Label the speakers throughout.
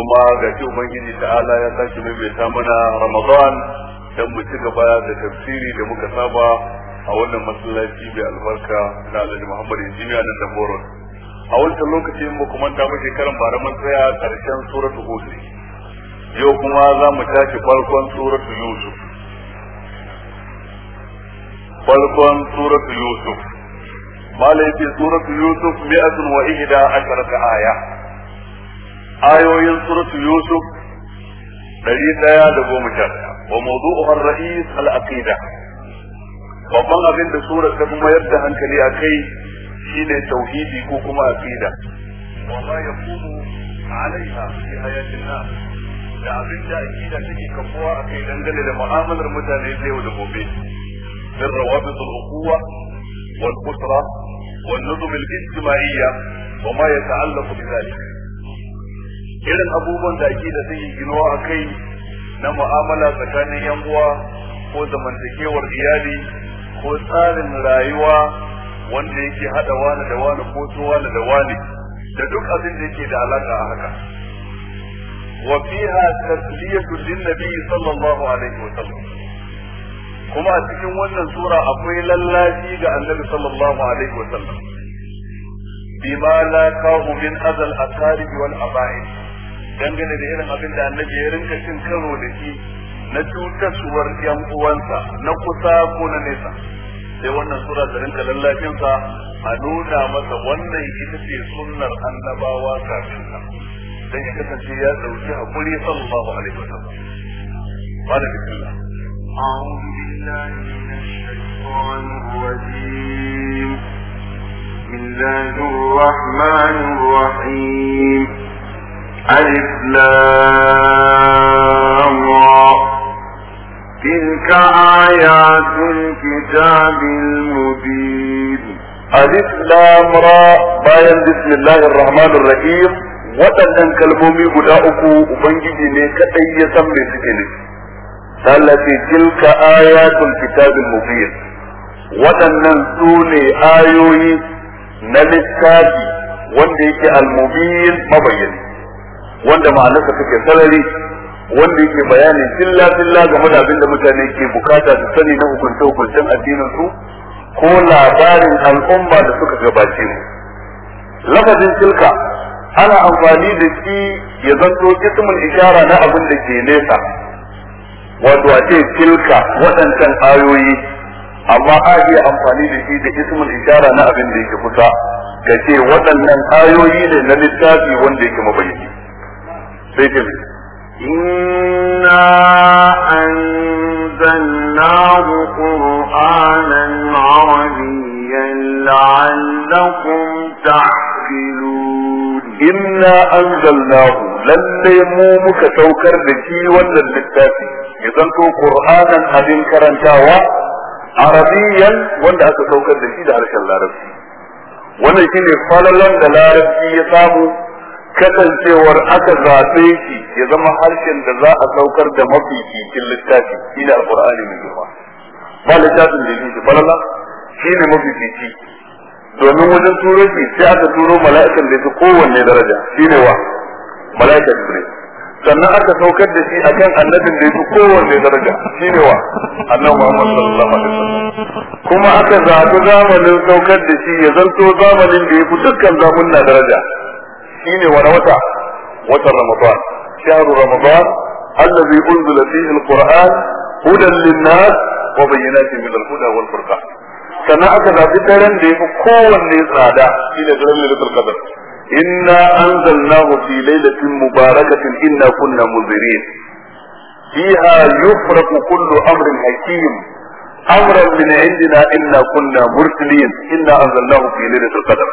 Speaker 1: kuma ga shi ubangiji ta'ala ya sake mai mana ramadan don mu ci gaba da tafsiri da muka saba a wannan masallaci mai albarka na alhaji muhammad injiniya na daboron a wancan lokaci mu kuma ta mu shekaran bara mun tsaya karshen suratul hud yau kuma za mu tashi farkon suratul yusuf farkon suratul yusuf malai fi suratul yusuf mi'atun wa ihda asharata aya ayoyin suratu yusuf dari daya da goma sha daya wa mawdu'uha ar-ra'is al-aqida babban abin da surar ta kuma yadda hankali a kai shine tauhidi ko kuma aqida wa ma yaqumu alaiha fi hayatin nas da abin da aqida take kafuwa a kai dangane da mu'amalar mutane da yau da gobe min rawabit al-uquwa wal-usra والنظم الاجتماعية وما يتعلق بذلك irin abubuwan da ake da zai ginuwa a kai na mu'amala tsakanin yan uwa ko zamantakewar iyali ko tsarin rayuwa wanda yake hada wani da wani ko su wani da wani da duk abin da yake da alaka a haka wa fiha tasliyatu lin nabi sallallahu alaihi wa sallam kuma a cikin wannan sura akwai lallafi ga annabi sallallahu alaihi wa sallam bima la kahu min azal asarihi wal aba'id dangane da irin abin da annabi ya rinka cin karo da shi na cutarsuwar yan uwansa na kusa ko na nesa sai wannan sura ta rinka lallafinsa a nuna masa wannan ita ce sunnar annabawa kafin nan dan ya kasance ya dauki hakuri sallallahu alaihi wasallam قال بسم الله أعوذ بالله من الشيطان الرجيم بسم الله الرحمن الرحيم ألف تلك آيات الكتاب المبين ألف لام را باين بسم الله الرحمن الرحيم waɗannan kalmomi guda uku ubangiji ne kaɗai ya san me suke ne tallafi tilka ayatul kitabil mubin waɗannan su ne ayoyi na littafi wanda yake al-mubin mabayyani wanda ma'anarsa take sarari wanda yake bayani filla filla game da abin da mutane ke bukata su sani na hukunce hukuncen addinin su ko labarin al'umma da suka gabace mu lafazin tilka ana amfani da shi ya zanto ismin ishara na abin da ke nesa wato a ce tilka waɗancan ayoyi amma a iya amfani da shi da ismin ishara na abin da yake kusa ga ce waɗannan ayoyi ne na littafi wanda yake mabayyani السجن إنا أنزلناه قرآنا عربيا لعلكم تعقلون إنا أنزلناه lalle mu muka saukar da shi wannan littafi ya zanto qur'anan abin karantawa arabiyan wanda aka saukar da shi da harshen larabci wannan shine falalan da larabci ya samu kasancewar aka zaɓe shi ya zama harshen da za a saukar da mafi cikin littafi shi da alƙur'ani mai girma ba littafin da yake balala shi ne mafi cici domin wajen turo shi sai aka turo mala'ikan da yake kowanne daraja shi ne wa mala'ikan jibril sannan aka saukar da shi akan annabin da yake kowanne daraja shi ne wa annabi Muhammad sallallahu alaihi wasallam kuma aka zaɓi zamanin saukar da shi ya zanto zamanin da yake dukkan zamunna daraja shine wani wata watan ramadan shahru ramadan allazi unzila fihi alquran hudan linnas wa bayyinatin min alhuda wal furqan sannan aka zabi daren da yafi kowanne tsada shine daren lailatul qadr inna anzalnahu fi lailatin mubarakatin inna kunna munzirin فيها يفرق كل امر حكيم امرا من عندنا انا كنا مرسلين انا انزلناه في ليله القدر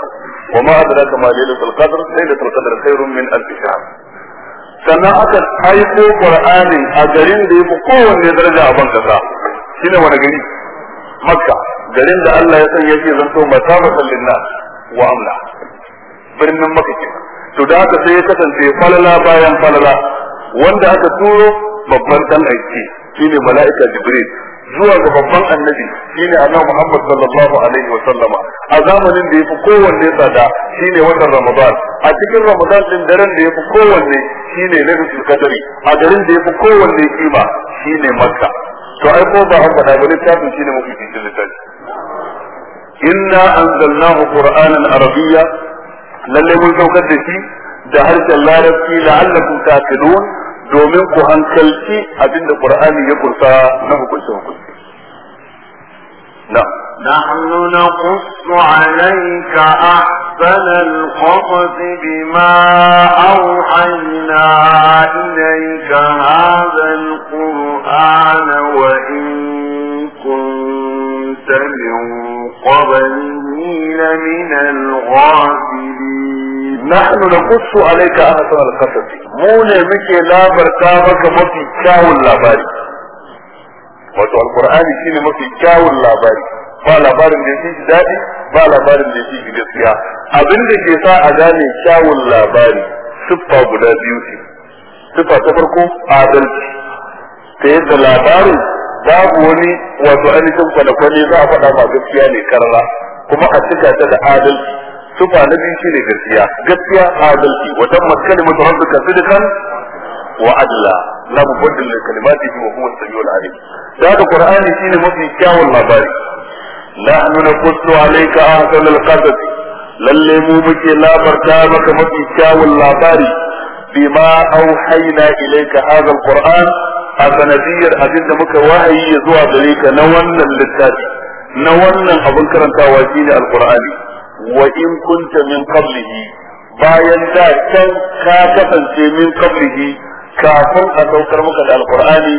Speaker 1: وما أدراك ما ليلة القدر ليلة القدر خير من ألف شهر sannan aka haiko qur'anin a garin da yafi kowanne daraja a ban kasa wani gari makka garin da Allah ya sanya shi zanto matafatan linnas wa amla birnin makka kenan to da aka sai ya kasance falala bayan falala wanda aka turo babban dan aiki shine mala'ika jibril zuwa ga babban annabi shine annabi Muhammad sallallahu alaihi wa sallama a zamanin da yafi kowanne tsada shine watan Ramadan a cikin Ramadan din daren da yafi kowanne shine Lailatul Qadri a garin da yafi kowanne kima shine Makka to ai ko ba haka da bane tafin shine mafi cikin littafi inna anzalnahu qur'anan arabiyya lalle mun saukar da shi da harshen larabci la'allakum taqilun domin ku hankalci abinda Qur'ani ya kunsa na hukunci hukunci na نحن نقص عليك أحسن القصص بما أوحينا إليك هذا القرآن وإن كنت من قبله لمن الغافلين nahnu naqussu alayka ahsan al-qasas mu ne muke labarta maka mafi kyawun labari wato alqur'ani shine mafi kyawun labari ba labarin da yake daɗi ba labarin da yake gaskiya abin da ke sa a gane kyawun labari siffa guda biyu ce siffa adalci ta yadda labarin babu wani wato ainihin kwale-kwale za a faɗa ba gaskiya ne karara kuma a cika ta da adalci tufa na biyu shine gaskiya gaskiya adalci wa tammat kalimatu rabbika sidqan wa adla la mubaddil li kalimatihi wa huwa as-sami'ul alim da haka qur'ani shine mafi kyawun labari nahnu naqussu alayka ahsanal qasas lalle mu muke labarta maka mafi kyawun labari bima auhayna ilayka hadha al-qur'an a sanadiyar abinda muka wahayi zuwa gare ka na wannan littafi na wannan abin karantawa shine al-qur'ani wa in kunta min qablihi bayan da can ka kasance min qablihi kafin a saukar maka da alqur'ani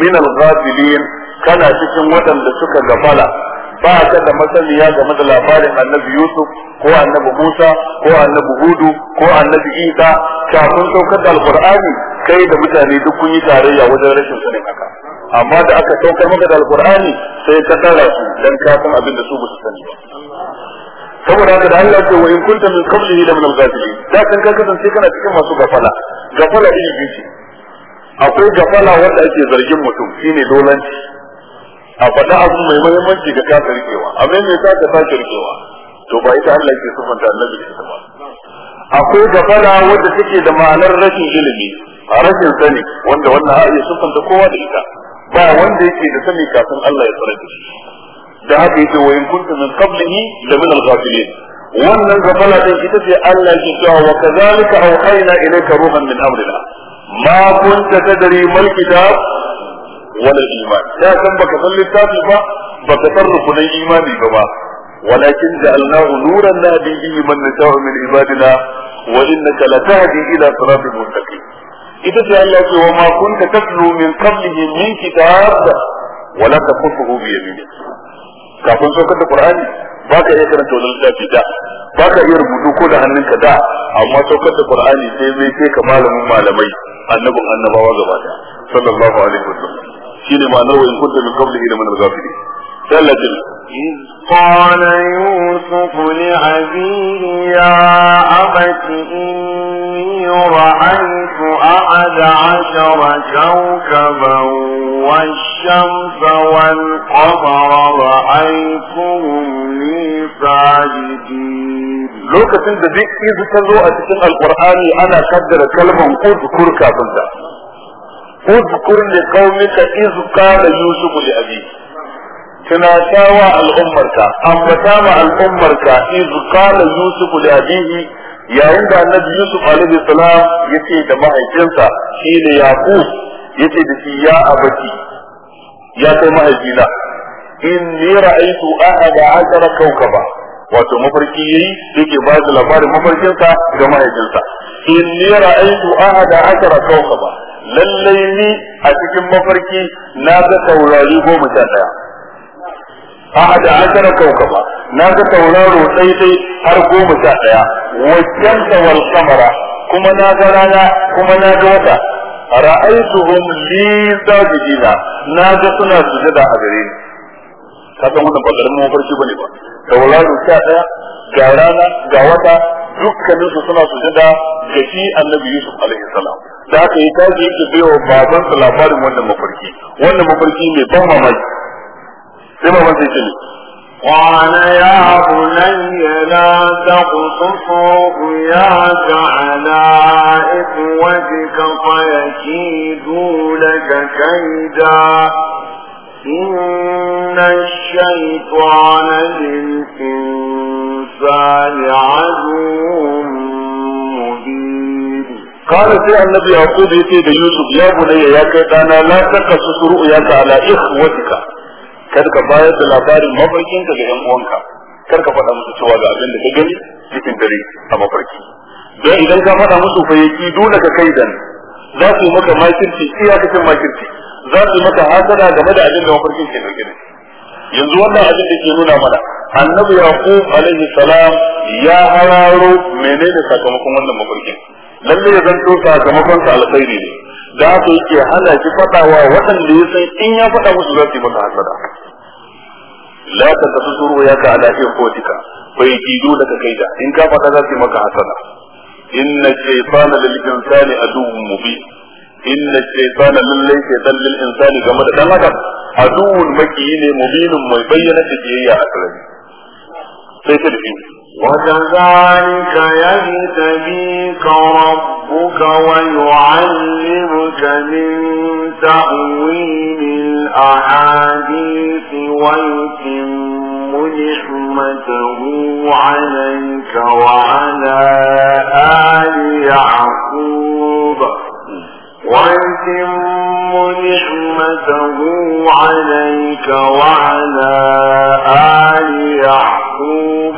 Speaker 1: min al-ghafilin kana cikin waɗanda suka gabala ba ka da masaniya game da labarin annabi Yusuf ko annabi Musa ko annabi Hudu ko annabi Isa kafin saukar da alqur'ani kai da mutane duk kun yi tarayya wajen rashin sanin haka amma da aka saukar maka da alqur'ani sai ka tara su dan kafin abin da su ba su sani ba saboda haka da Allah ce wa in kunta min qablihi la min al-ghafilin da kan ka kasance kana cikin masu gafala gafala iri biyu akwai gafala wanda ake zargin mutum shine dolanci a faɗa abu mai muhimmanci ga ka rikewa a me ta ka ta rikewa to ba ita Allah ke sufanta annabi da ita ba akwai gafala wanda take da ma'anar rashin ilimi a rashin sani wanda wannan ayi sufanta kowa da ita ba wanda yake da sani kafin Allah ya tsare shi da haka yake wa in kunta min qablihi la min al-ghafilin wannan gafala din ita ce Allah ke cewa wa kazalika awhayna ilayka ruhan min amrina ma kunta tadri mal kitab wala iman da san baka san littafi ba baka san rukunin imani ba ba ولكن جعلناه نورا نهدي به من نشاء من عبادنا وانك لتهدي الى صراط مستقيم. اذا الله وما كنت تتلو من قبله من كتاب ولا تخصه بيمينك. kafin saukar da qur'ani ba ka iya karanta wani littafi da ba ka iya rubutu ko da hannun ka da amma saukar da qur'ani sai zai kai ka malamin malamai annabin annabawa gaba daya sallallahu alaihi wasallam shine ma'anar wa in kunta min qablihi la min al ثلاثة إذ قال يوسف لأبيه يا أبت إني رأيت أحد عشر كوكبا والشمس والقمر رأيتهم لي ساجدين لوكتين ده دي إذ تزوء تكون القرآن أنا قدر كلمة أذكر كابنزا اذكر لقومك إذ قال يوسف لأبيه tunatawa al'ummarka ambata ma al'ummarka iz qala yusuf li abihi yayin da annabi yusuf alaihi salam yace da mahaifinsa shine yaqub yace da يا ya abati ya kai mahaifina inni ra'aytu wato mafarki yayi yake ba da labarin mafarkinsa ga mahaifinsa inni ra'aytu ahada ashara kawkaba lallai ni a cikin mafarki na ga taurari goma sha daya ahada ashara kawkaba na ga tauraro daidai har goma sha daya wajen wal kamara kuma na ga rana kuma na ga wata ra'aituhum li sajidina na ga suna sujada a gare ni ka ta wannan bakar mu farki bane ba tauraro sha daya ga rana ga wata dukkanin su suna sujada ga shi annabi Yusuf alaihi salam da aka yi taji yake bayo baban sa labarin wannan mafarki wannan mafarki mai ban mamaki sai baban sai ce قال يا بني لا تقصص رؤياك على إخوتك فيكيدوا لك كيدا إن الشيطان للإنسان عدو مبين قال سيء النبي يقول يتي يوسف يا بني يا كيدانا لا تقصص رؤياك على إخوتك kar ka bayar da labarin ka ga yan uwanka kar ka faɗa musu cewa ga abin da ka gani cikin dare a mafarki don idan ka faɗa musu fa yaki dole ka kai dan za su yi maka makirci kacin makirci za su yi maka hasada game da abin da mafarkin ke dauke da yanzu wannan abin da ke nuna mana annabi yaqub alaihi salam ya hararo menene sakamakon wannan mafarkin lalle ya zanto sakamakon sa alkhairi ne da su yake hana shi faɗawa waɗanda ya san in ya faɗa musu za su yi masa hasada la ta tafi suru ya ka ala in fotika bai kido da ka kai da in ka faɗa za su yi maka hasada inna shaytana lil insani aduwwun mubin inna shaytana lallai shaytan lil insani game da ɗan adam aduwwun makiyi ne mubinun mai bayyana da kiyayya a sarari sai ta da وكذلك يهتديك ربك ويعلمك من تأويل الأحاديث ويتم نحمته عليك وعلى آل يعقوب ويتم نحمته عليك وعلى آل يعقوب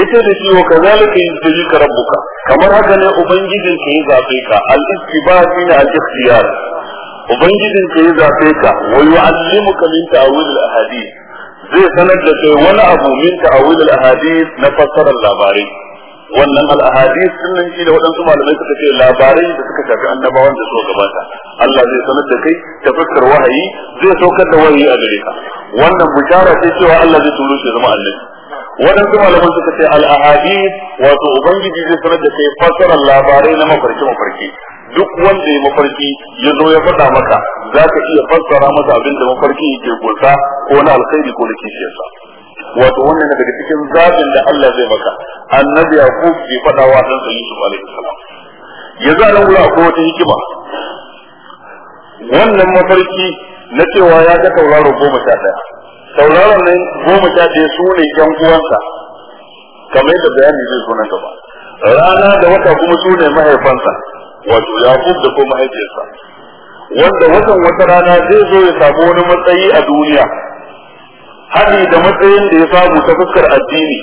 Speaker 1: yace da shi wa kazalika yuzika rabbuka kamar haka ne ubangijin ka ya zabe ka al-istibar min al-ikhtiyar ubangijin ka ya zabe ka wa yu'allimuka min ta'wil al-ahadith zai sanar da kai wani abu min ta'wil al-ahadith na fassarar labarai wannan al-ahadith sun nan shi da waɗansu malamai suka ce labarai da suka shafi annabawan da suka gabata Allah zai sanar da kai ta fuskar wahayi zai saukar da wahayi a gare ka wannan bishara ce cewa Allah zai turo shi zama annabi waɗansu malaman suka ce al'ahadi wato ubangiji zai sanar da kai fassarar labarai na mafarki mafarki duk wanda ya mafarki ya zo ya faɗa maka za ka iya fassara masa abin da mafarki yake kusa ko na alkhairi ko na kishiyarsa wato wannan daga cikin zaɓin da Allah zai maka annabi yaqub bai faɗa wa dan sa yusuf alaihi salam yanzu a nan wuri akwai wata hikima wannan mafarki na cewa ya ga tauraro goma sha ɗaya sauraron nan goma sha ɗaya su ne ƴan uwansa kamar yadda bayani zai zo nan gaba rana da wata kuma su ne mahaifansa wato yaqub da kuma mahaifiyarsa wanda watan wata rana zai zo ya samu wani matsayi a duniya hadi da matsayin da ya samu ta fuskar addini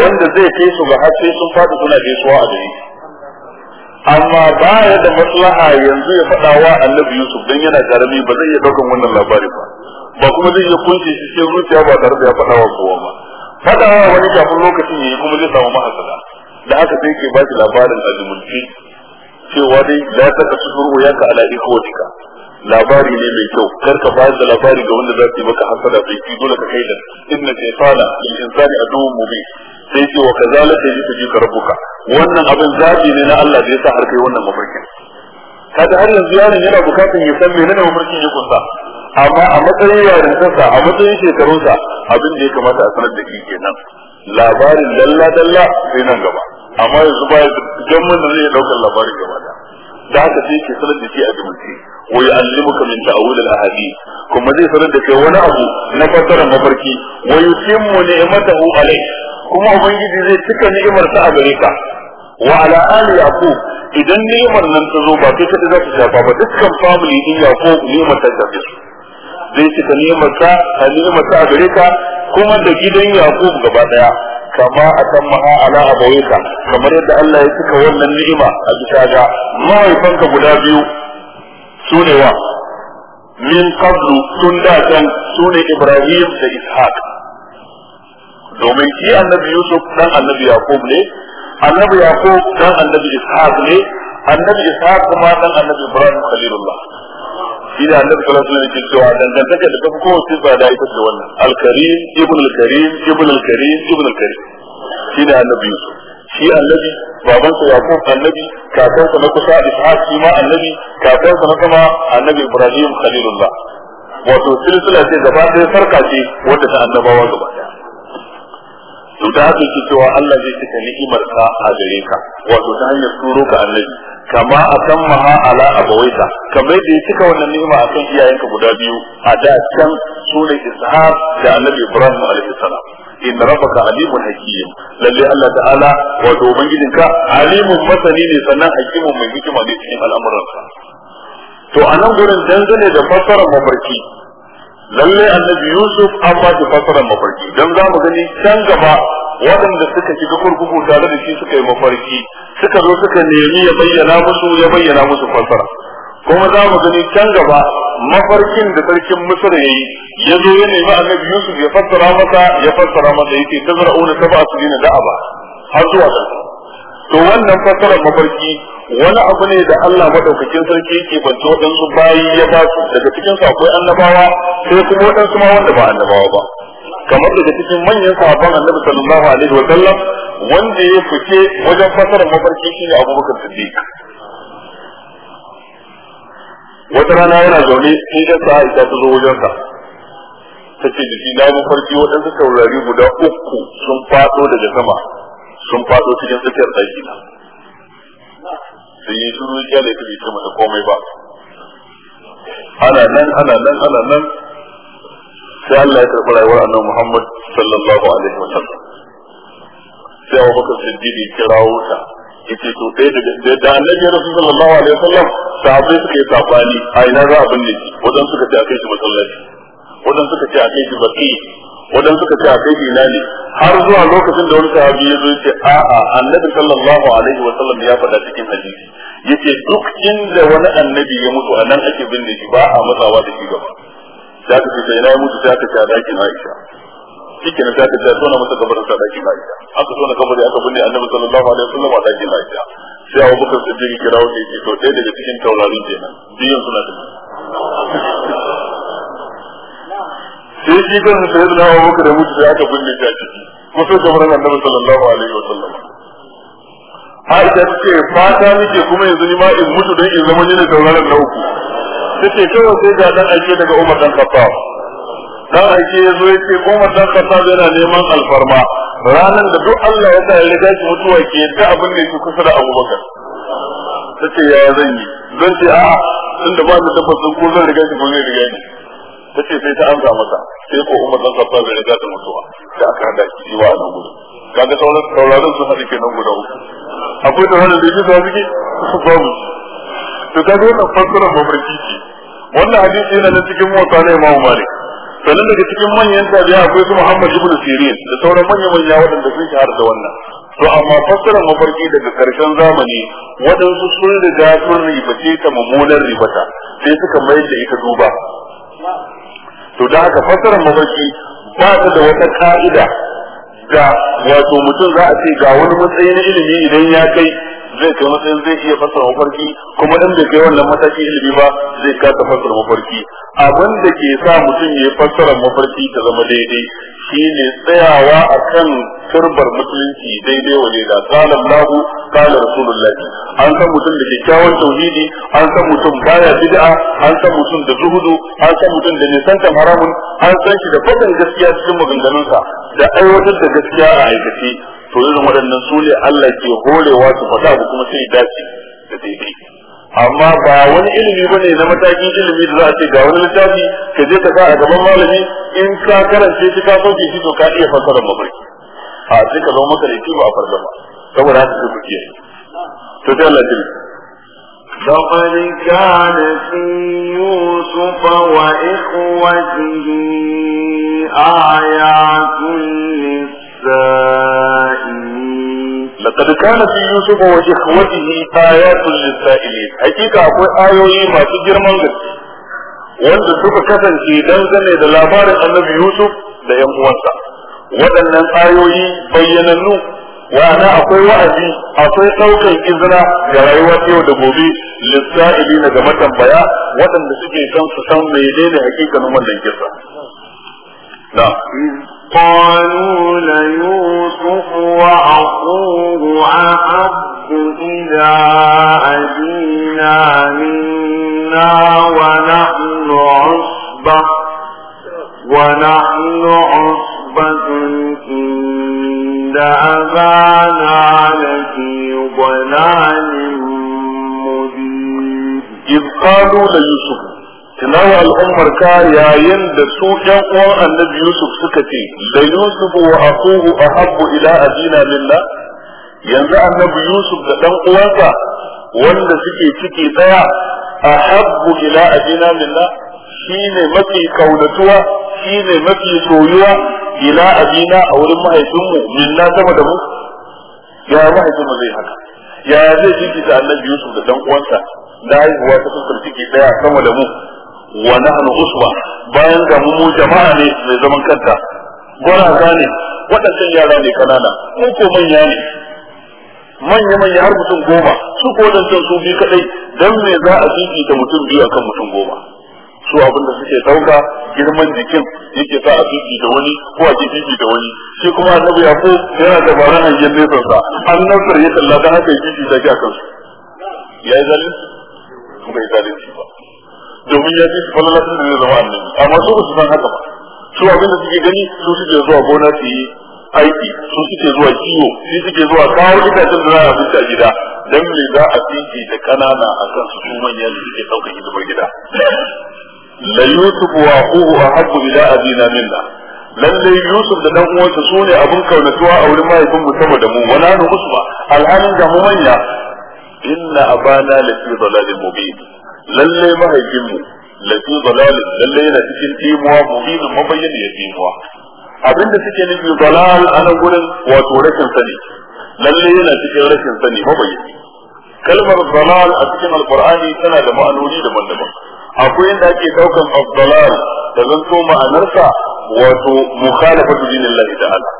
Speaker 1: wanda zai kai su ga har sai sun faɗi suna gaisuwa a gari amma baya da maslaha yanzu ya faɗa wa annabi yusuf don yana jarumi ba zai iya ɗaukan wannan labari ba ba kuma zai iya kunce shi Sai zuciya ba tare da ya faɗa wa kowa ba faɗa wa wani kafin lokacin ya yi kuma zai samu mahasala da aka sai ke ba shi labarin azumunci cewa dai ya saka su furu ya ka ala cika. labari ne mai kyau kar ka bayar da labari ga wanda za su yi maka hasada sai ki dole ka kai da inna shaytana lil insani aduwwun mubin sai ce wa kazalika yusjika rabbuka wannan abin zabi ne na Allah da sa har kai wannan mafarkin kaga har yanzu yaron yana bukatun ya san menene mafarkin ya kunsa amma a matsayin yarintarsa a matsayin shekarunsa abin da ya kamata a sanar da shi kenan labarin dalla dalla sai nan gaba amma yanzu ba don da zai daukar labarin gaba da da haka sai ke sanar da shi a jumlace wa ka min ta'awil al-ahadith kuma zai sanar da kai wani abu na fassara mafarki wa mata ni'matahu Alai. kuma ubangiji zai cika sa a gare ka wa ala ali yaqub idan ni'imar nan ta zo ba kai kada za ta shafa ba dukkan family din yaqub ni'imar ta shafe su zai cika nimarka a ta a gare ka kuma da gidan Yakubu gaba daya kama kan maha ala abawayka kamar yadda Allah ya cika wannan ni'ima a bisa ga mahaifanka guda biyu sune wa min qablu tun da can sune Ibrahim da Ishaq domin shi annabi Yusuf dan annabi yakub ne annabi yakub dan annabi Ishaq ne annabi Ishaq kuma dan annabi Ibrahim khalilullah shi da annabi sallallahu alaihi wasallam cewa dangantaka da tafi kowace ba da ita ce wannan al-karim ibn al-karim ibn al-karim ibn al-karim shi da annabi yusuf shi annabi babansa yaqub annabi kakansa na kusa ishaq shi ma annabi kakansa na sama annabi ibrahim khalilullah wato silsila ce gaba ɗaya sarka ce wadda ta annabawa gaba ɗaya to da haka cewa Allah zai cika ni'imar ka a gare ka wato ta hanyar turo ka annabi kama akan maha ala abawaika kamar da ya cika wannan ni'ima kan iyayenka guda biyu a da can sunan ishaq da annabi ibrahim alaihi salam in rabbaka alimun hakim lalle Allah ta'ala wato ubangijinka alimun masani ne sannan hakimun mai hikima ne cikin al'amuransa to a nan gurin dangane da fassarar mafarki lalle annabi yusuf an ba shi fassarar mafarki don za mu gani can gaba waɗanda suka shiga kurkuku tare da shi suka yi mafarki suka zo suka nemi ya bayyana musu ya bayyana musu fasara kuma za mu gani can gaba mafarkin da sarkin Misir ya yi ya zo ya nemi annabi Yusuf ya fassara masa ya fassara masa yake tazra'una sab'a sinin da'aba har zuwa to wannan fassarar mafarki wani abu ne da Allah madaukakin sarki yake bance waɗansu bayi ya ba su daga cikin su akwai annabawa sai kuma waɗansu ma wanda ba annabawa ba kamar daga cikin manyan sahabban annabi sallallahu alaihi wa sallam wanda ya fice wajen fasarar mafarki shine abubakar siddiq wata rana yana zaune sai ga sa'ida ta zo wajen sa. ta ce jiki na mafarki waɗansu taurari guda uku sun faɗo daga sama sun faɗo cikin tsakiyar ɗaki na sai yi shiru ya ne ta bai ce mata komai ba ana nan ana nan ana nan sai Allah ya karɓi rayuwar annabi Muhammad sallallahu alaihi wa sallam sai Abu Bakar Siddiq ya kirawo ta yace to dai da da annabi Rasul sallallahu alaihi wa sallam sahabbai suka yi sabani a ina za a binne shi wadan suka ce akai shi masallaci wadan suka ce akai shi baki wadan suka ce akai shi ne har zuwa lokacin da wani sahabi ya zo yace a'a annabi sallallahu alaihi wa sallam ya faɗa cikin hadisi yace duk inda wani annabi ya mutu a nan ake binne shi ba a matsawa da shi gaba za ya mutu sai aka ce a dakin Aisha na ta ta tona masa dakin Aisha aka tona kabari aka Annabi sallallahu alaihi wasallam a dakin Aisha sai Abu Bakar Siddiq to dai daga cikin taurarin da sai shi kan sai da Abu Bakar mutu sai aka ciki kusa kuma yanzu ni ma in mutu don in zama ni ne tauraron na uku tace kawai sai ga dan aike daga Umar dan Khattab dan aike zo yace Umar dan Khattab yana neman alfarma ranan da duk Allah ya sa ya riga mutuwa ke da abin da yake kusa da Abu Bakar tace ya zan yi zan ce a tunda ba mu sun ko zan riga shi ko zai riga shi tace sai ta amsa masa sai ko Umar dan Khattab ya riga da mutuwa da aka da shi wa nan gudu kaga sauran sauraron su hadi kenan guda uku akwai da wani da yake da su babu to kaga wannan fassara mamarki ce wannan hadisi yana nan cikin mota na Imam Malik sannan daga cikin manyan tabi'a akwai su Muhammad ibn Sirin da sauran manya manya waɗanda sun shahara da wannan to amma fassara mafarki daga karshen zamani waɗansu sun riga sun ribace ta mummunar ribata sai suka mai da ita duba to da haka fassara mafarki ba ta da wata ka'ida da wato mutum za a ce ga wani matsayin ilimi idan ya kai zai kai matsayin zai iya fassara mafarki kuma dan da kai wannan mataki ilimi ba zai kasa fassara mafarki abin da ke sa mutum ya fassara mafarki ta zama daidai shine tsayawa a kan turbar musulunci daidai wa daida qala Allah qala Rasulullah an san mutum da kyakkyawan tauhidi an san mutum baya bid'a an san mutum da zuhudu an san mutum da nisantan haramun an san shi da fadin gaskiya cikin maganganunsa da aiwatar da gaskiya a aikace to irin waɗannan su ne Allah ke horewa su faɗa abu kuma sai dace da daidai amma ba wani ilimi ba ne na matakin ilimi da za a ce ga wani littafi ka je ka sa a gaban malami in ka karance shi ka sauke shi to ka iya fassara mafarki a sai ka zama makareci ba a farga ba saboda haka sai kuke to sai Allah ya لقد كان في يوسف وإخوته آيات للسوء للسائلين لقد كان في يوسف وإخوته آيات للسائلين حقيقة أقول آيوي ما تجر من wanda suka kasance zane da labarin annabi Yusuf da ‘yan uwansa, waɗannan ayoyi bayyanannu wana akwai wa'azi akwai ɗaukar izina da rayuwar yau da gobe lissa'ili na ga matambaya waɗanda suke son su san menene hakikanin wannan kisa. قالوا ليوسف وأخوه أحب إلى أبينا منا ونحن عصبة ونحن عصبة إن أبانا لفي ضلال مبين إذ قالوا ليوسف tunawa al'ummar ka yayin da su ɗan uwan annabi Yusuf suka ce da Yusuf wa akuhu ahabbu ila abina lillah yanzu annabi Yusuf da ɗan uwansa wanda suke ciki daya ahabbu ila abina lillah shine mafi kaunatuwa shine mafi soyuwa ila abina a wurin mahaifinmu minna sama da mu ya mahaifinmu zai haka ya zai ciki da annabi Yusuf da ɗan uwansa da haihuwa ta fuskar ciki ɗaya sama da mu wa nahnu usba bayan ga mu jama'a ne mai zaman kanta gwaraza ne wadannan yara ne kanana mu ko manya ne manya manya har mutum goma su ko waɗancan su bi kadai dan me za a da mutum biyu akan mutum goma su abinda suke dauka girman jikin yake sa a fifi da wani ko a ke fifi da wani shi kuma annabi ya ko yana da bara hangen nesa sa annabi ya kalla ta haka ya fifi da ke akan su ya yi zalunci bai zalunci ba domin ya ce su falala sun da zama annabi amma su su san haka ba su abin da suke gani su suke zuwa gona su yi aiki su suke zuwa kiwo su suke zuwa kawo itacen da za a abinci a gida Don me za a fifi da ƙanana a kan su manya da suke ɗaukar hidimar gida la yusuf wa uhu ahabbu ila abina minna lallai Yusuf da dan uwansa su ne abin kaunatuwa a wurin mahaifin mu sama da mu wala nu usba alhalin da mu manya inna abana lafi dalalin mubin lalle mahaifinmu lafi zalalin lalle yana cikin timuwa mubinin mabayyana ya timuwa abinda suke nufi zalal ana gurin wato rashin sani lalle yana cikin rashin sani mabayyana kalmar zalal a cikin alqur'ani tana da ma'anoni daban-daban akwai yadda ake daukan abdalal da zan zanto ma'anarsa wato mukhalafatu dinillahi ta'ala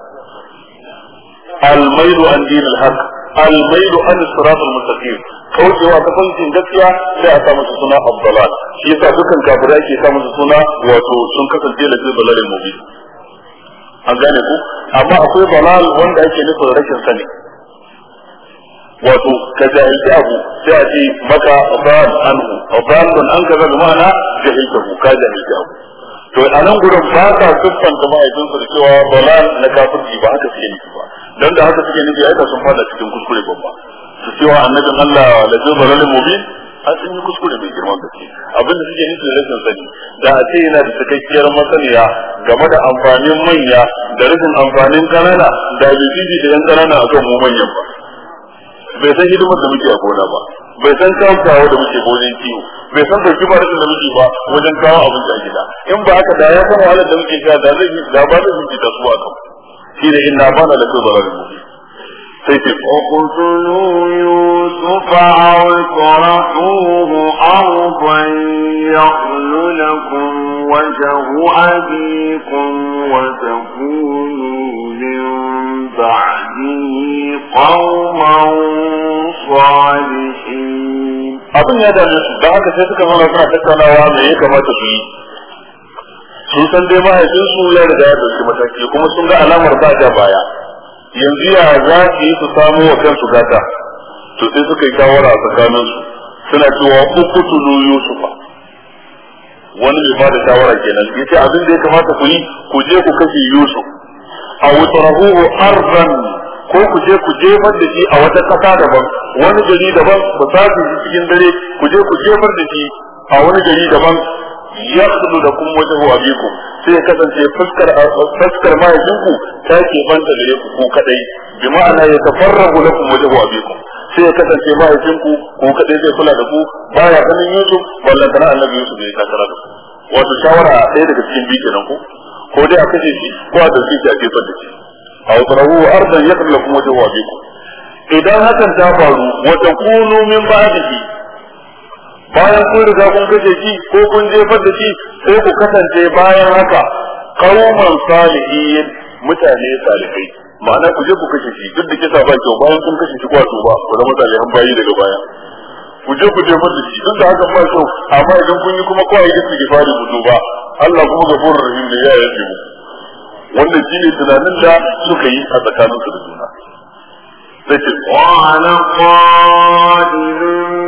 Speaker 1: al-mailu an dinil haqq al-mailu an sirat al-mustaqim kaucewa ta fankin gaskiya sai a samu su suna abdalal shi yasa dukkan kafirai ke samu su suna wato sun kasance da balalin mubin an gane ku amma akwai balal wanda ake nufin rashin sani wato ka jahilci abu sai a ce maka abdal anhu abdalun an kaza da ma'ana jahilta ku ka jahilci abu to a nan gurin ba ka siffanta ma'aikinsa da cewa balal na kafirci ba haka suke nufi dan da haka suke nufi aika sun fada cikin kuskure babba su cewa annabin Allah la jazalalil mubin har sun yi kuskure mai girman gaske abin da suke nufi rashin sani da a ce yana da cikakkiyar masaniya game da amfanin manya da rashin amfanin kanana da bibiji da yan kanana akan mu manyan ba bai san hidimar da muke a gona ba bai san kawo da muke gonin kiwo bai san dauki ba da muke ba wajen kawo abin da gida in ba haka da ya san wahalar da muke sha da zai da ba zai muke da su a shine inna bana da tuzara sai ce uqtulu yusuf aw ikrahuhu ardan yahlu lakum wajhu abikum wa takunu min ba'dihi qauman salihin abin ya da su da haka sai suka zauna suna tattaunawa me ya kamata su yi sun san dai mahaifinsu ya riga ya dauki mataki kuma sun ga alamar ba ta baya yanzu ya za ki yi su samo wa kansu gata to sai suka yi shawara a tsakaninsu suna cewa uku tulu yusufa wani mai ba da shawara kenan Ya ce abin da ya kamata ku yi ku je ku kashe yusuf a rahuhu arzan ko ku je ku jefar da shi a wata kasa daban wani gari daban ku su cikin dare ku je ku jefar da shi a wani gari daban yaqdu lakum wajhu abikum sai kasance fuskar fuskar mahaifinku ta ke banta gare ku ko kadai bi ma'ana ya tafarrahu lakum wajhu abikum sai kasance mahaifinku ko kadai zai kula da ku baya ganin Yusuf wallan kana annabi Yusuf ya takara da wato shawara ɗaya daga cikin biyu kenan ku ko dai a kashe shi ko a dauke shi a son da shi a wasarahu ardan yaqdu lakum wajhu abikum idan hakan ta faru wa takunu min ba'dihi bayan kun riga kun kashe shi ko kun jefar da shi sai ku kasance bayan haka qauman salihin mutane salihai ma'ana ku je ku kashe shi duk da kisa ba kyau bayan kun kashe shi ko ba ku zama salihan bayi daga baya ku je ku jefar da shi duk da hakan ba kyau amma idan kun yi kuma kawai yake gifari ku duba Allah kuma gafurur rahim da ya yi mu wannan jini tunanin da suka yi a tsakaninsu da juna sai ce qala qa'ilun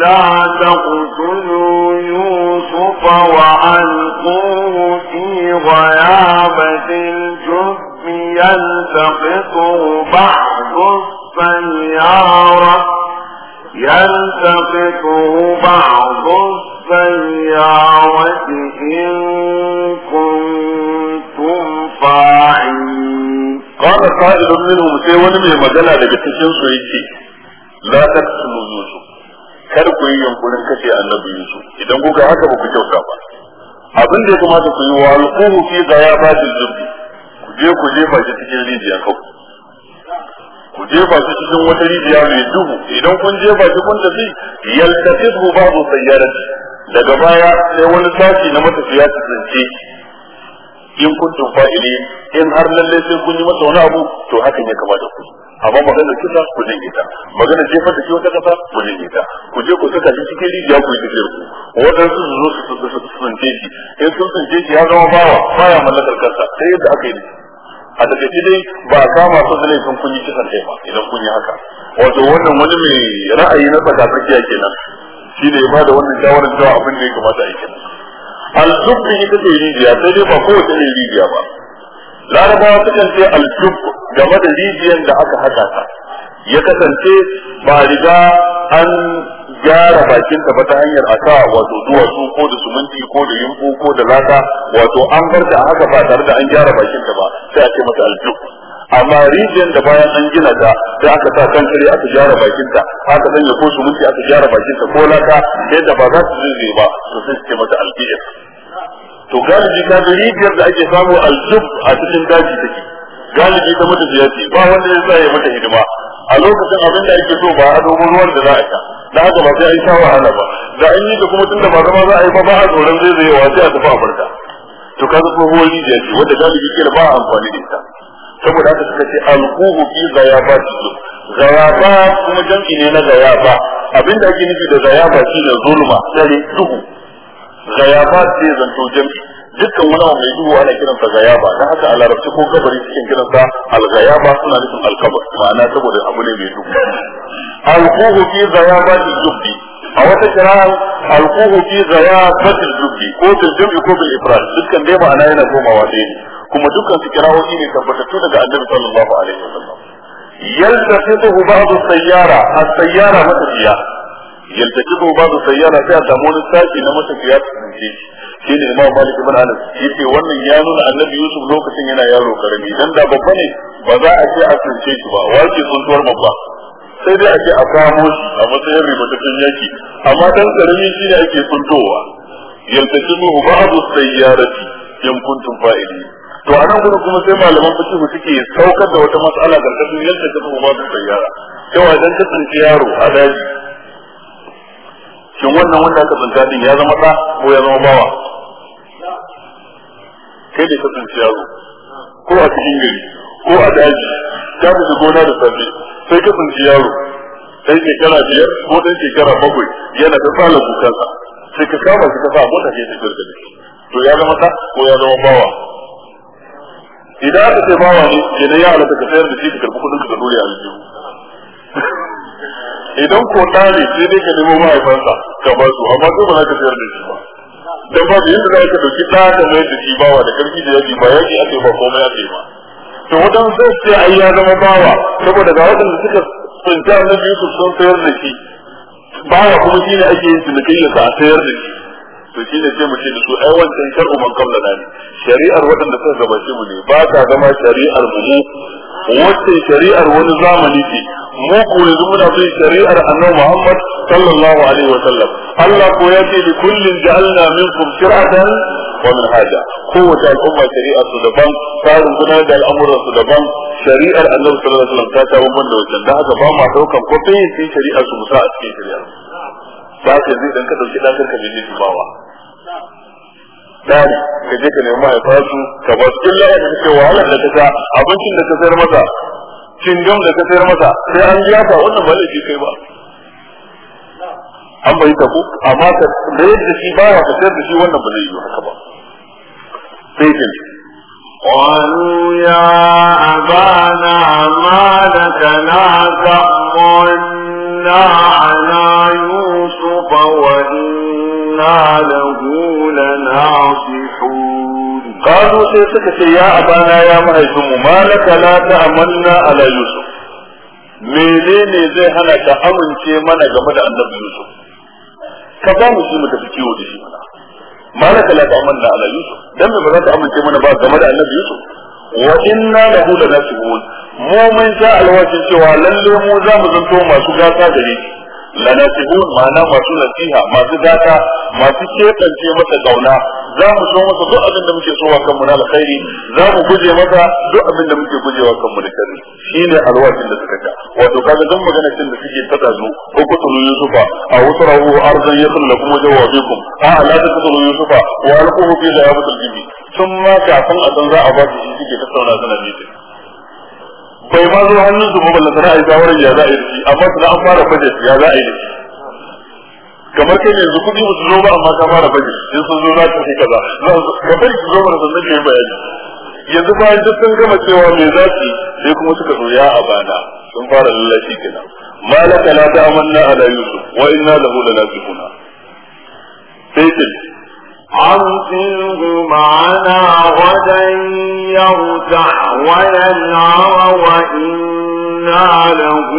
Speaker 1: لا تقتلوا يوسف وألقوه في غيابة الجب يلتقطه بعض السيارة يلتقطه بعض السيارة إن كنتم فاعلين قال قائل منهم سيوان من مجلة لجتشن سويتي لا تقتلوا يوسف kar ku yi yunkurin kashe annabi Yusuf idan kuka haka ba ku kyauta ba abin da ya kamata ku yi wa alquhu fi ghayabatil zubi ku je ku je shi cikin rijiya ka ku je shi cikin wata rijiya mai duhu idan kun je shi kun tafi ba ba'du sayyarati daga baya sai wani sashi na matafiya su tsince in kuntum fa'ili in har lalle sai kun yi masa wani abu to hakan ya kamata ku amma maganar kisa ku jin ita maganar jefar da shi wata kasa ku jin ita ku je ku saka shi cikin rijiya ku yi tafiyar ku waɗansu su zo su tsince shi in sun tsince shi ya zama bawa baya mallakar kansa ta yadda aka yi a daga dai ba a kama su da sun kun yi kisan kai ba idan kun yi haka wato wannan wani mai ra'ayi na tsaka tsakiya kenan shi ne ba da wannan shawarar cewa abin da ya kamata a yi kenan aljub ne ita ce rijiya sai dai ba kowace ne rijiya ba larabawa kasance ce aljub game da rijiyar da aka haka ta ya kasance ba riga an gyara bakin ta ta hanyar a sa wato duwatsu ko da suminti ko da yimbu ko da laka wato an bar da haka ba tare da an gyara bakin ta ba sai a ce mata aljub amma rijiyar da bayan an gina ta da aka sa kan kare aka gyara bakin ta aka sanya ko su mutu aka gyara bakin ta ko laka yadda ba za su zube ba to sai su ce mata alqiyas to galibi da rijiyar da ake samu aljub a cikin daji take galibi ta mata ziyarci ba wanda ya sa mata hidima a lokacin abin da ake so ba a dogon ruwan da za a sha da haka ba sai an sha wahala ba da an yi da kuma tunda ba zama za a yi ba ba a tsoron zai zai yi wa sai a tafi a farka to ko tsohuwar rijiya ce wanda galibi ke da ba a amfani da ita saboda haka suka ce alquhu fi zayabat zayaba kuma jam'i ne na zayaba abinda ake nufi da zayaba ne zulma dare duhu zayaba ce zanto jam'i dukkan wani abu mai duhu ana kiransa zayaba dan haka a larabci ko kabari cikin kiransa al'zayaba suna nufin al'kabar, ma'ana saboda abu ne mai duhu al fi zayabati zubbi. a wata kiran alquhu fi zayafatil dubbi ko fil jubbi ko bil ifrad dukkan dai ma'ana yana wa dai kuma dukkan su wasu ne tabbatattu daga annabi sallallahu alaihi wasallam yaltaqituhu ba'd as-sayyara as-sayyara matafiya yaltaqituhu ba'd as-sayyara sai a samu wani sashi na matafiya cikin shi ne imam malik ibn anas yace wannan ya nuna annabi yusuf lokacin yana yaro karami dan da babba ne ba za a ce a tsince shi ba wace tuwar babba sai dai ake a kamo shi a matsayin ribatattun yaki amma dan karami shi ne ake kuntowa yaltasimu ba'd as-sayyarati yan kuntum fa'ili to anan gudu kuma sai malaman su suke saukar da wata mas'ala gargadin yaltasimu kuma su sayyara cewa dan ka tsinci yaro a daji shin wannan wanda aka tsinta din ya zama ɗa ko ya zama bawa kai da ka tsinci yaro ko a cikin gari ko a daji ta fi gona da safe sai kasance yaro ke shekara biyar ko dan shekara bakwai yana da tsala kukansa sai ka kama shi ka sa mota ke tafiyar da shi to ya zama ta ko ya zama bawa idan aka ce bawa ne ke ya halatta ka sayar da shi ka karɓi kuɗin ka dole a aljihu idan ko ɗa ne sai dai ka nemo mahaifansa ka ba su amma ko ba za ka sayar da shi ba dan ba da yadda za ka ɗauki ɗa ka mai da shi bawa da karfi da yaji ba yaji ake ba komai ake ba to wadan sai ce ai ya zama bawa saboda ga wadanda suka tsinta annabi Yusuf sun sayar da shi bawa kuma shine ake yin cinikayya sa a sayar da shi to shi ne sai mu ce da su ai wancan shar'u man qabla na ne shari'ar waɗanda suka gabace mu ne ba ta zama shari'ar mu wacce shari'ar wani zamani ce mu ko yanzu muna bin shari'ar annabi Muhammad sallallahu alaihi wa sallam Allah ko ya ce bi kullin ja'alna minkum shir'atan wa manhaja kowace al'umma shari'a su daban tsarin gudanar da al'amuran su daban shari'ar annabi sallallahu alaihi ta ta wannan da wancan da haka ma daukan ko sai yin su musa a cikin shari'a ba ka zai dan ka dauki dan ka bawa dani ka je ka nemi ya ka ba su illa da kake wahalar da kasa abincin da ka sayar masa cingam da ka sayar masa sai an biya ka wannan ba laifi kai ba an bai ta ku amma ka da yadda shi baya ka sayar da shi wannan ba zai yi haka ba سيجن قالوا يا أبانا ما لك لا تأمنا على يوسف وإنا له لناصحون قالوا سيسكت يا أبانا يا مهيثم ما لك لا على يوسف menene zai hana ka amince mana game da annabi Yusuf ka ba mu shi mu tafi kiwo da shi malaka la ta'amanna ala yusuf dan me za ta amince mana ba game da annabi yusuf wa inna lahu lanasihun mu mun sha alwashin cewa lalle mu za mu zanto masu gasa gare shi la nasihun ma'ana masu nasiha masu data masu shekance masa gauna za mu so masa duk abin da muke sowa kanmu na alkhairi za mu guje masa duk abin da muke gujewa kanmu da kare shine alwajin da suka ta wato kaga zan magana cin da suke ta dazu ko kutulu yusufa a wutarahu arzan yakun lakum wajhu bikum a ta takutulu yusufa wa alquhu fi dayabatil jibi sun ma san a san za a ba su shi suke tattauna sanadi bai ma zo hannun su ba ballan sana'a wurin ya za a yi da amma suna an fara budget ya za a yi da kamar kai ne yanzu kuɗi su zo ba amma ka fara budget in sun zo za su yi kaza ka bari su zo ba sannan ka yi bayani yanzu bayan duk sun gama cewa me za su sai kuma suka zo ya a bana sun fara lallashi kenan malaka la amanna ala yusuf wa inna lahu lanasihuna sai ce أرسله معنا غدا يرتع ويلعب وإنا له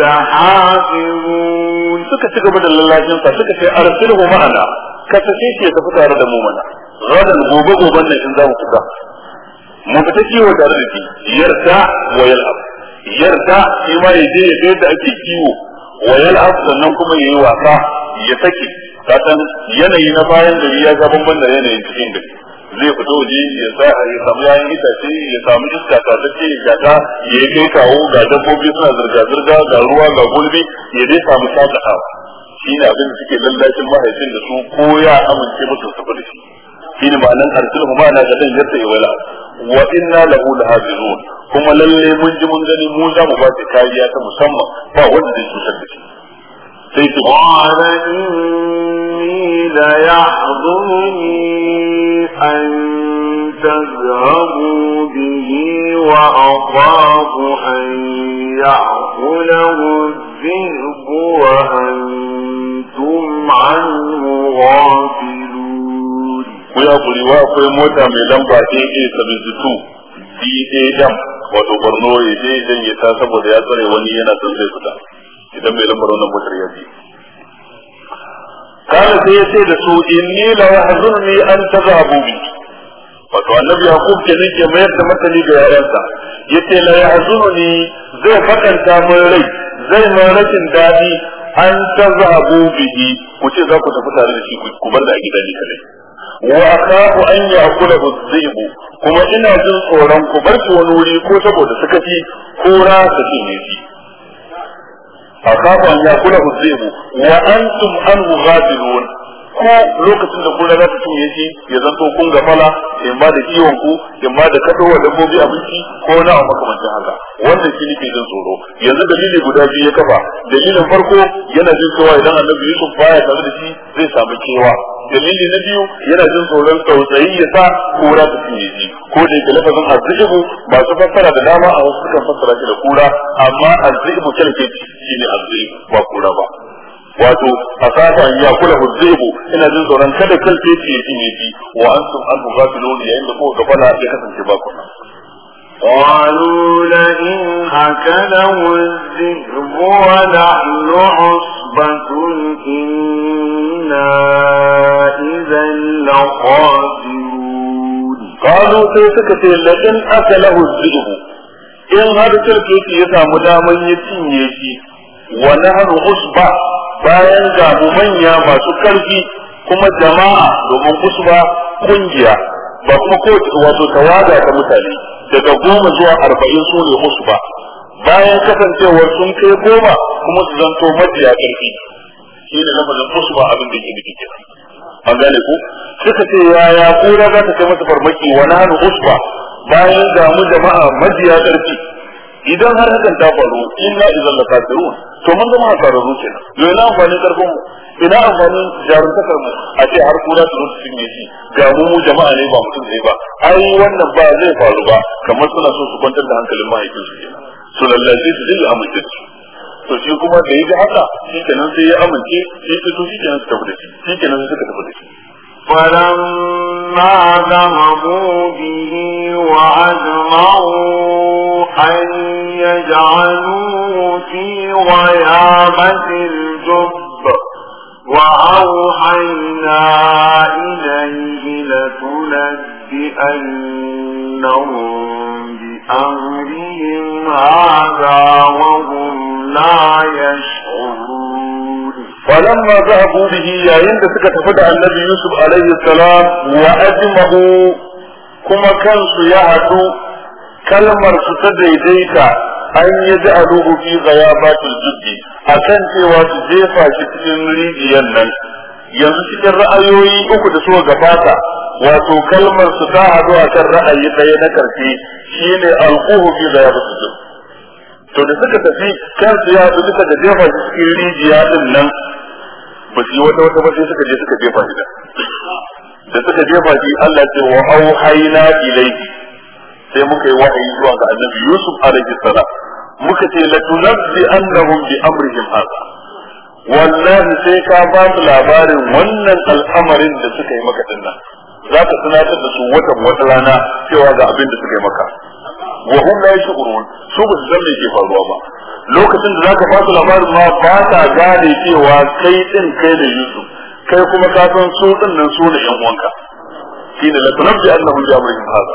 Speaker 1: لحافظون suka ci gaba da lallashinsa suka ce arsilhu ma'ana ka sace shi ya tafi tare da mu mana gadan gobe goben nan in za mu fita mu fita tare da ake kiwo wa yal'ab sannan kuma yayi wasa ya sake kasan yanayi na bayan gari ya ga bambam da yanayin cikin gari zai fito ji ya sa ya samu yayin ce ya samu iska ta tace ya ga ya kai kawo ga dabbobi suna zirga zirga ga ruwa ga gulbi ya dai samu shakatawa shi ne abin da suke lallashin mahaifin da su ko ya amince musu su fi shi shi ne ma'anan arsil kuma na ga ɗan yadda ya wala wa inna lahu zuwa kuma lalle mun ji mun gani mu za mu ba shi kariya ta musamman ba wanda zai cutar da shi sai su ليحضرني أن تذهبوا به وأخاف أن يأكله الذئب وأنتم عنه غافلون ويا قولي واقوي موتا من لمبا تيجي سبزتو DAM wato Borno ya je idan ya saboda ya tsare wani yana son zai idan mai lambar wannan motar ya bi. kana sai ya ce da su inni la yahzunni an tadhabu bi wato annabi yaqub kenan ke mayar da matali ga yayansa yace la yahzunni zai fakanta mun rai zai mun rashin dadi an tadhabu bi ku ce za ku tafi tare da shi ku bar da gidan ni kadai wa akhafu an ya'kulahu dhi'b kuma ina jin tsoron ku bar shi wani wuri ko saboda sakaci ko ra ta cinye shi akhafu ya kula husibu wa antum anhu ghafilun ko lokacin da kula za ta cinye shi ya zanto kun gafala in ba da kiwon ku in ba da kado wa dabbobi abinci ko na a makamancin haka Wanda shi nake jin tsoro yanzu dalili guda biyu ya kafa dalilin farko yana jin cewa idan annabi Yusuf baya tare da shi zai samu kewa dalili na biyu yana jin tsoron tausayi ya sa kura ta cinye shi ko da yake lafazin azzibu masu su fassara da dama a wasu sukan fassara shi da kura amma azzibu kyalke shi ne arziki ba kura ba wato a asafa ya kula hujjebu ina jin tsoron kada kalfe ce ya cinye shi wa antum an tuqatilun yayin da kuka fala ya kasance ba kuna قالوا لئن أكله الذئب ونحن عصبة إنا إذا لخاسرون قالوا سيسكت لئن أكله الذئب إن هذا تركيك يسام داما wa ونحن عصبة bayan ga manya masu karfi kuma jama'a domin kusuba kungiya ba kuma kowace wato tawaga ta mutane daga goma zuwa arba'in su ne ba. bayan kasancewar sun kai goma kuma su zanto majiya karfi shi ne lafazin ba abin da ke nufi kenan an gane ku suka ce yaya kura za ta kai masa farmaki wa nahnu usba bayan ga mu jama'a majiya karfi idan har hakan ta faru inna idan la kafiru to mun zama hasararru kenan yo ina amfani karfin mu ina amfanin jarumtakar mu a ce har kura da rusu cinye shi ga mu mu jama'a ne ba mutum zai ba ai wannan ba zai faru ba kamar suna so su kwantar da hankalin mahaifin su So lallai lallace su zai amince su to shi kuma da yi ga haka shi kenan sai ya amince shi ke shi kenan su tafi shi kenan sai suka tafi da shi فلما ذهبوا به وأجمعوا أن يجعلوه في غيابة الجب وأوحينا إليه لتنبئنهم بأمرهم هذا وهم لا يشعرون فلما ذهبوا به يا يند suka tafi da annabi yusuf alaihi salam wa kuma kansu ya hadu kalmar su ta daidaita an yi ja'aluhu fi ghayabatil jiddi akan cewa su jefa shi cikin nan yanzu cikin ra'ayoyi uku da suka gabata wato kalmar su ta ɗaya na to da suka tafi kansu ya hadu duka da jefa cikin rijiya din nan ba su yi wata wata ba sai suka je suka jefa shi da da suka jefa shi Allah ce wa auhayna ilayhi sai muka yi wahayi zuwa ga annabi Yusuf alaihi salam muka ce la tunabbi annahum bi amrihim hada wallahi sai ka ba su labarin wannan al'amarin da suka yi maka dinnan za ka tunatar da su watan wata rana cewa ga abin da suka yi maka wa hum la yashurun su ba su san me ke faruwa ba lokacin da zaka ba labarin ma ba ta gane cewa kai din kai da Yusuf kai kuma ka san su din nan su ne yan uwanka shine la tunabbi annahu hada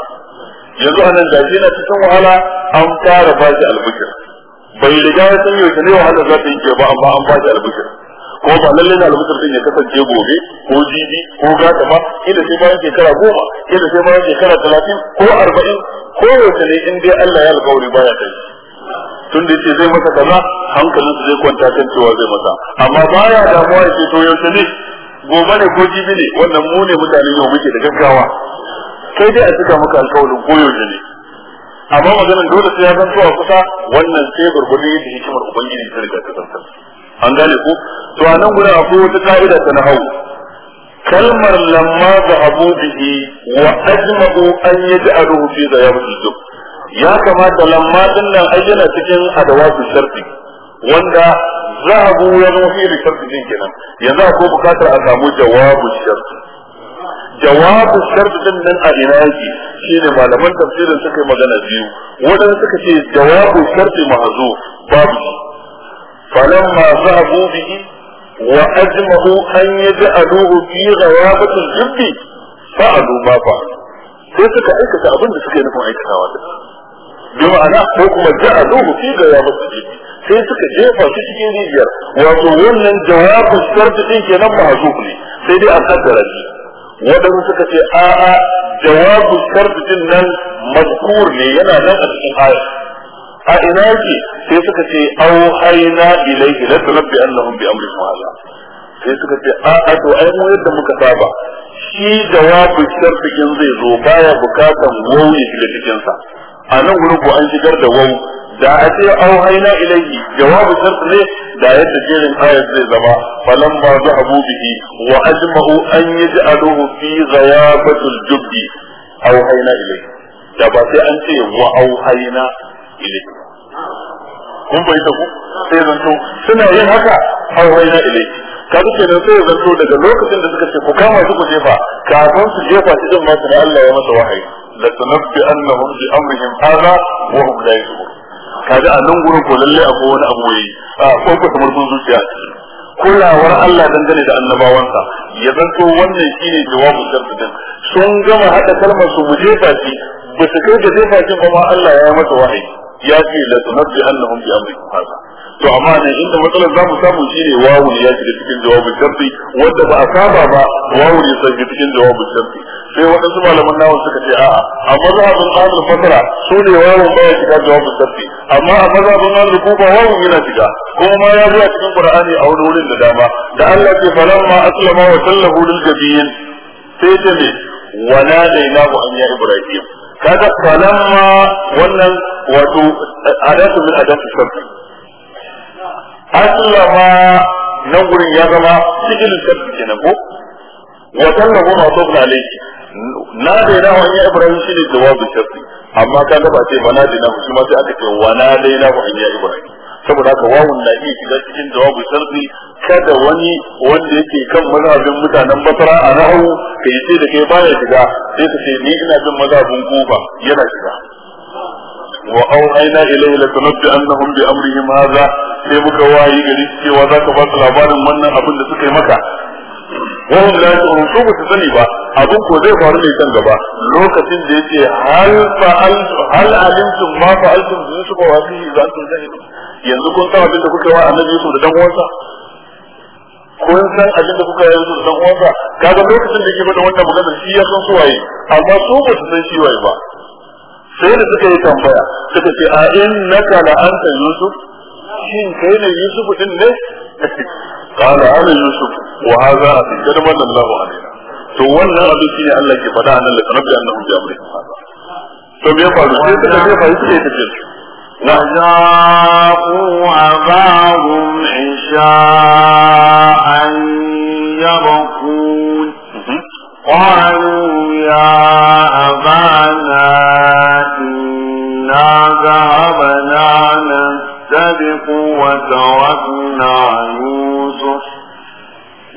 Speaker 1: yanzu anan da shi cikin wahala an fara ba shi bai riga ya san yaushe ne wahala za ta yi ba amma an ba shi albishir ko ba lalle na Albusar din ya kasance gobe ko jibi ko gata ba inda sai bayan shekara goma inda sai bayan shekara talatin ko arba'in ko wace ne in dai Allah ya alkawari baya kai tun da ce zai masa kaza hankalin su zai kwanta kan cewa zai masa amma baya damuwa ce to yaushe ne gobe ne ko jibi ne wannan mu ne mutane yau muke da gaggawa kai dai a cika maka alƙawarin ko yaushe ne amma maganin dole sai ya zanto a kusa wannan sai gurgurdi da hikimar ubangiji ta riga ta tantance an gane ku to a nan gudan akwai wata ka'ida ta nahau kalmar lamma ga abu bihi wa ajma'u an yaj'aluhu da zayabatil da ya kamata lamma din nan ayyana cikin adawatu sharti wanda bu ya nufi da sharti din kenan yanzu akwai bukatar a samu jawabu sharti jawabu sharti din nan a ina yake shine malaman tafsirin suka yi magana biyu wadanda suka ce jawabu sharti mahazu babu فلما ذهبوا به وأجمعوا أن يجعلوه في غيابة الجب فعلوا ما فعلوا sai suka aikata abin da suka yi nufin aikatawa da bi ma'ana ko kuma ja'aluhu fi ghayabati jibi sai suka jefa su cikin rijiyar wato wannan jawabin sharti din kenan mahzuf ne sai dai a kaddara shi wadanda suka ce a'a jawabin sharti din nan mazkur ne yana nan a cikin ayat a ina yake sai suka ce haina ilaihi la tunabbi annahum bi amri hadha sai suka ce a a to ai mu yadda muka saba shi jawabu sharfikin zai zo baya bukatan wani da shiga cikin sa a nan gurin ko an shigar da wau da a ce haina ilaihi jawabu shart ne da yadda jerin ayat zai zama falan ba zu abu bihi wa ajma'u an yaj'aluhu fi ghayabatil jubbi haina ilaihi da ba sai an ce wa haina ilai kun bai ta ku sai zanto suna yin haka har wai na ilai ka duke nan sai zanto daga lokacin da suka ce ku kama su ku jefa kafin su jefa su jin masu da Allah ya masa wahayi la tunabbi annahum bi amrihim hadha wa hum la yashurun kaji a nan gurin ko lalle akwai wani abu yayi a ko ko kamar sun zuciya kulawar Allah dangane da annabawansa ya zanto wannan shine jawabu sarfin sun gama hada kalmar su mu jefa shi ba su kai da jefa shi ba Allah ya masa wahayi ya ce la tunabbi annahum bi amrikum hada to amma ne inda matsalar zamu samu shine wawu ya shiga cikin jawabin sharti wanda ba a saba ba wawu ya shiga cikin jawabin sharti sai waɗansu malaman nawa suka ce a'a a mazhabin ahlul fatara su ne wawun ya shiga jawabin sharti amma a mazhabin ahlul kufa wawu yana shiga kuma ma ya zo a cikin qur'ani a wani wurin da dama da Allah ce falamma aslama wa sallahu lil jabin sai ce ne wa nadainahu an ya ibrahim kaga falamma wannan wato adatu min adatu shirki aslama nan gurin ya zama cikin shirki kenan ko wa sallahu ma sabna alayhi na da yana wani ibrahim shine jawabu shirki amma kaga ba sai ba na da na shi ma sai aka ce wa na da yana wani ibrahim saboda haka wawun na iya shiga cikin jawabu sharfi kada wani wanda yake kan mazhabin mutanen masara a rahu ka yi da kai baya shiga sai ka ce ni ina bin mazhabin kufa yana shiga wa auhayna ilayhi la tunabbi annahum bi amrihim hadha sai muka wayi gari cewa za ka ba su labarin wannan abin da suka yi maka da ya tsoron su ba su sani ba abin ko zai faru ne kan gaba lokacin da yake hal fa'altu hal alimtum ma fa'altum bi yusuf wa akhihi za yanzu kun san abin da kuka wa annabi yusuf da dan uwansa kun san abin da kuka yi da dan uwansa kaga lokacin da yake faɗa wannan magana shi ya san suwaye amma su ba su san shi waye ba sai da suka yi tambaya suka ce a innaka la anta yusuf shin kai ne yusuf din ne قال أنا يوسف وهذا أخي قد من الله علينا to wannan abin shine Allah ke faɗa nan da sanabbi annahu bi amri to me faru sai ta ce fa sai ta قالوا يا أبانا إنا ذهبنا نستبق وتركنا يوسف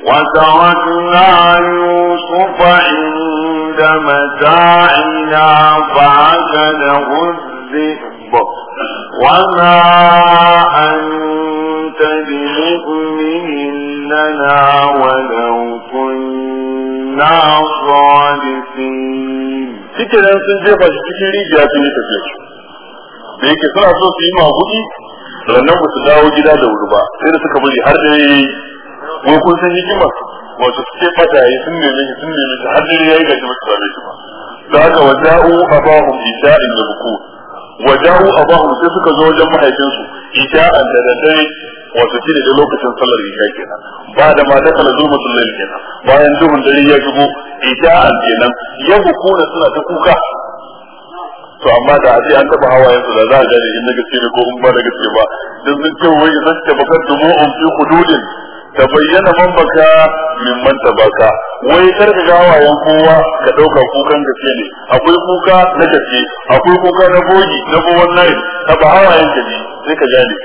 Speaker 1: وتركنا يوسف عند متاعنا فأكله الذئب وما أنت بمؤمن لنا ولو كنا صادقين. Cikinan sun jefa shi cikin rijiya sun yi tafiya shi. Da suna so su yi mahudi, sannan dawo gida da wuri ba, sai da suka bari har da wai kun san hikima wato suke fata yi sun neme shi sun neme shi har dai yayi gaji musu same shi ba da haka waja'u abahum isha'in da buku waja'u abahum sai suka zo wajen mahaifinsu isha'an da daddare wato shi da lokacin sallar isha kenan ba da ma da kala zuwa sallar kenan bayan duhun dare ya shigo isha'an kenan ya buku da suna ta kuka to amma da aje an taba hawayen su da za a gane in na gaske ne ko in ba da gaske ba dan sun ce wai idan ta bakar dumu'un fi hududin ta bayyana man baka min man baka. wai kar ka kowa ka ɗauka kukan gaske ne akwai kuka na gaske akwai kuka na bogi na bowan nai ta ba hawayen ka ne sai ka gane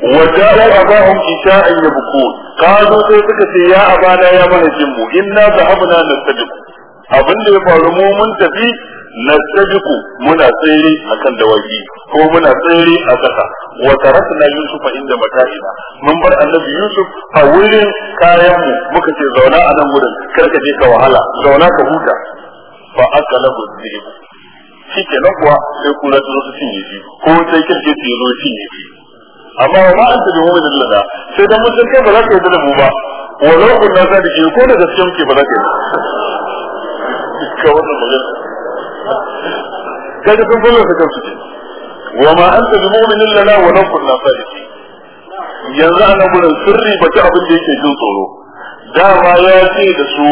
Speaker 1: Wata وجاءوا أباهم عشاء يبكون قالوا سيدك ya أبانا يا مهجم إنا ذهبنا نستبق abin da ya faru mu mun tafi Na nastajiku muna tsere a kan dawaki ko muna tsere a kasa wa tarakna yusufa inda mata'ina mun bar annabi yusuf a wurin kayan muka ce zauna a nan wurin karka je ka wahala zauna ka huta fa aka lahu dhibu shi ke nan kuwa sai kula ta zo ta cinye shi ko sai kirke ta zo cinye shi amma wa ma anta bi mu'minin lana sai dan mun kai ba za ka yi da mu ba wa law kunna zalika ko da gaskiya muke ba za ka yi wannan magana kaga sun fara ta kansu ce wa ma anta bi mu'minin lana wa lam kunna sadiqin yanzu ana gurin sirri ba ta abin da yake jin tsoro dama ya ce da su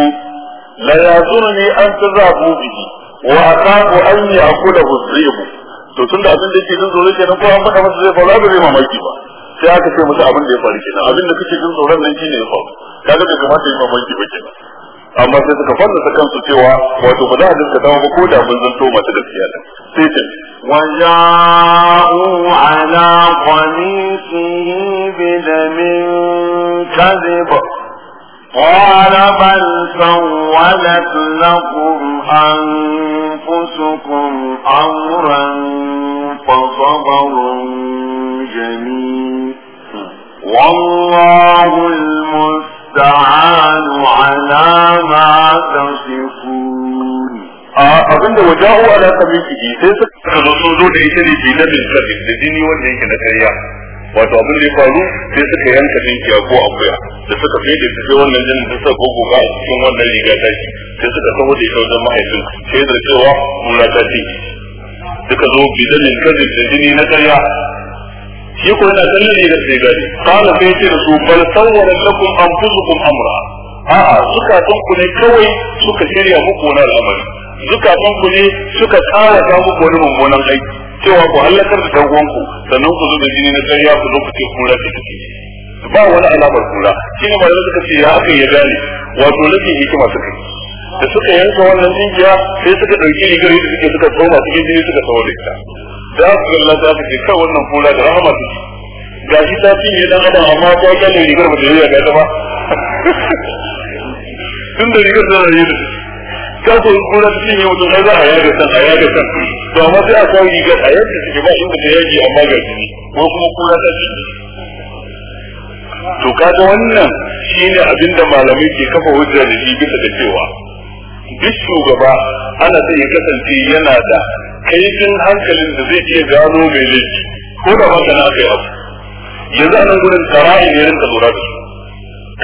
Speaker 1: la yazunni an tazabu bihi wa aqabu an ya'kulahu dhibu to da abin da yake jin tsoro kenan ko an faɗa masa zai faru ba zai mamaki ba sai aka ce masa abin da ya faru kenan abin da kake jin tsoron nan shine ya faru kaga bai kamata ya mamaki ba kenan amma sai suka fara fallasa kansu cewa wato ba za a dinka dawo ba ko da mun zanto mata gaskiya da sai ce وجاءوا على قميصه بدم كذب قال بل سولت لكم أنفسكم أمرا فصبر جميل والله المستعان المستعان على ما تصفون abin da waja'u ala kabiki sai suka zo sun zo da ita ne ke labin نتريا da jini wanda na karya wato abin da ya faru sai suka yanka dinkiya ko akuya da suka fi da sai wannan jinin da suka gogo ga cikin wannan riga ta shi sai suka samu da ita wajen mahaifin sai da cewa mura ta ce suka zo bidanin kazin da jini na karya shi ko yana kallon ne da sai gari kana sai ce da su bal sawwara lakum anfusukum amra a'a zukatan ku ne kawai suka shirya muku wani al'amari zukatan ku ne suka kawata muku wani mummunan aiki cewa ku halakar da ku sannan ku zo da jini na sarya ku zo ku ce kura ta take ba wani alamar kura shi ne malamai suka ce ya aka ya gane wato nake hikima suka yi da suka yanka wannan dinkiya sai suka ɗauki rigar da suke suka tsoma cikin jini suka tsawo da ita da aka galla ta aka ce kai wannan kura da rahama ta ce ga shi ta cinye dan adam amma ta kyale rigar ba ta yi ga ta ba tun da rigar tana yi da ta ko kura ta cinye mutum ai za a yaga san a yaga san to amma sai a kawo rigar a yadda take ba inda ta yaji amma ga jini ko kuma kura ta cinye to kaga wannan shine abinda malamai ke kafa hujja da shi bisa da cewa duk shugaba ana zai kasance yana da kaifin hankalin da zai iya gano mai laifi ko da ba na kai abu yanzu a nan gurin kara'in ne rinka lura da su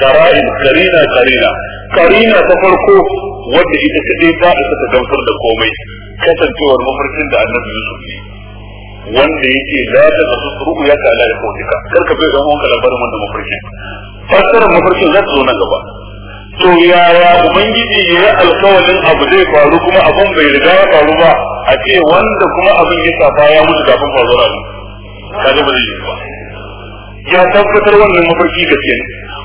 Speaker 1: kara'in karina karina karina ta farko wadda ita ta dai ba isa ta damfar da komai kasancewar mafarkin da annabi Yusuf ne wanda yake za ta kasu ruku ya ta ala ikotika kar ka bai zama wanka labarin wanda mafarkin fassarar mafarkin za ta zo na gaba to yaya ubangiji ya yi alkawalin abu zai faru kuma abun bai riga ya faru ba a ce wanda kuma abin ya safa ya mutu kafin ba Ka kaje ba zai yi ba ya tabbatar wannan mafarki ga ke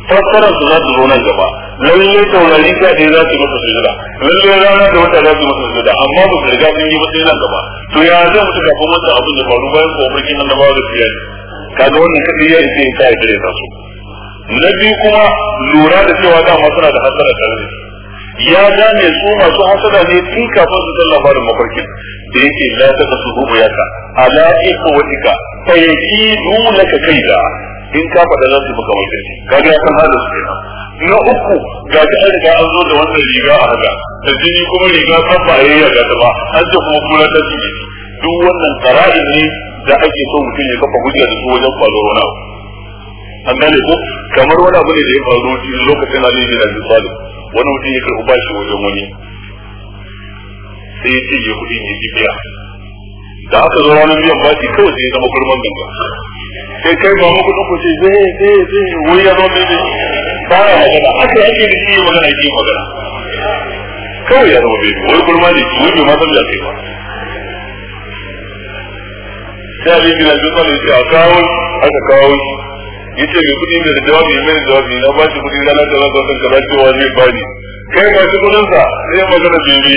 Speaker 1: fassara su za su zo nan gaba lalle taurari ka ne za su masa sujada lalle rana da wata za su masa sujada amma ba su riga sun yi ba nan gaba to ya zai mutu kafin wannan abin da faru bayan ko mafarki nan na ba da fiye ga wannan kadai ya ce ya yi kare ta su na biyu kuma lura da cewa dama suna da hasara tare da shi ya gane su masu hasada ne tun kafin su tallafa da mafarkin da yake la ta ta su rubu yaka ala ika wa ika fa yaki nuna ka kai da in ka faɗa za su buga wajen kaga ya san halin su kenan na uku ga ta an riga an zo da wannan riga a haka da jini kuma riga kan ba yayi ga ta ba an ce kuma kula ta ci duk wannan tsara'in ne da ake so mutum ya kafa hujja da su wajen kwaro wani abu an gane ko kamar wani abu ne da ya faru lokacin Ali bin Abi Talib wani mutum ya karɓi bashi wajen wani sai ya ce ya kuɗi ne biya da aka zo ranar biyan bashi kawai sai ya zama kurman ganga sai kai ba mu kuɗin ku ce zai zai zai wai ya zo ne zai zai baya magana aka yake da shi magana yake magana kawai ya zama bai wani kurma ne wani bai ma san da kai ba sai abin gina zuwa ne ya a kawo aka kawo shi yace mai kudi da jawabi mai jawabi na ba shi kudi ranar da zaka san kaza cewa ba ni kai ma shi kudin sa sai magana bibi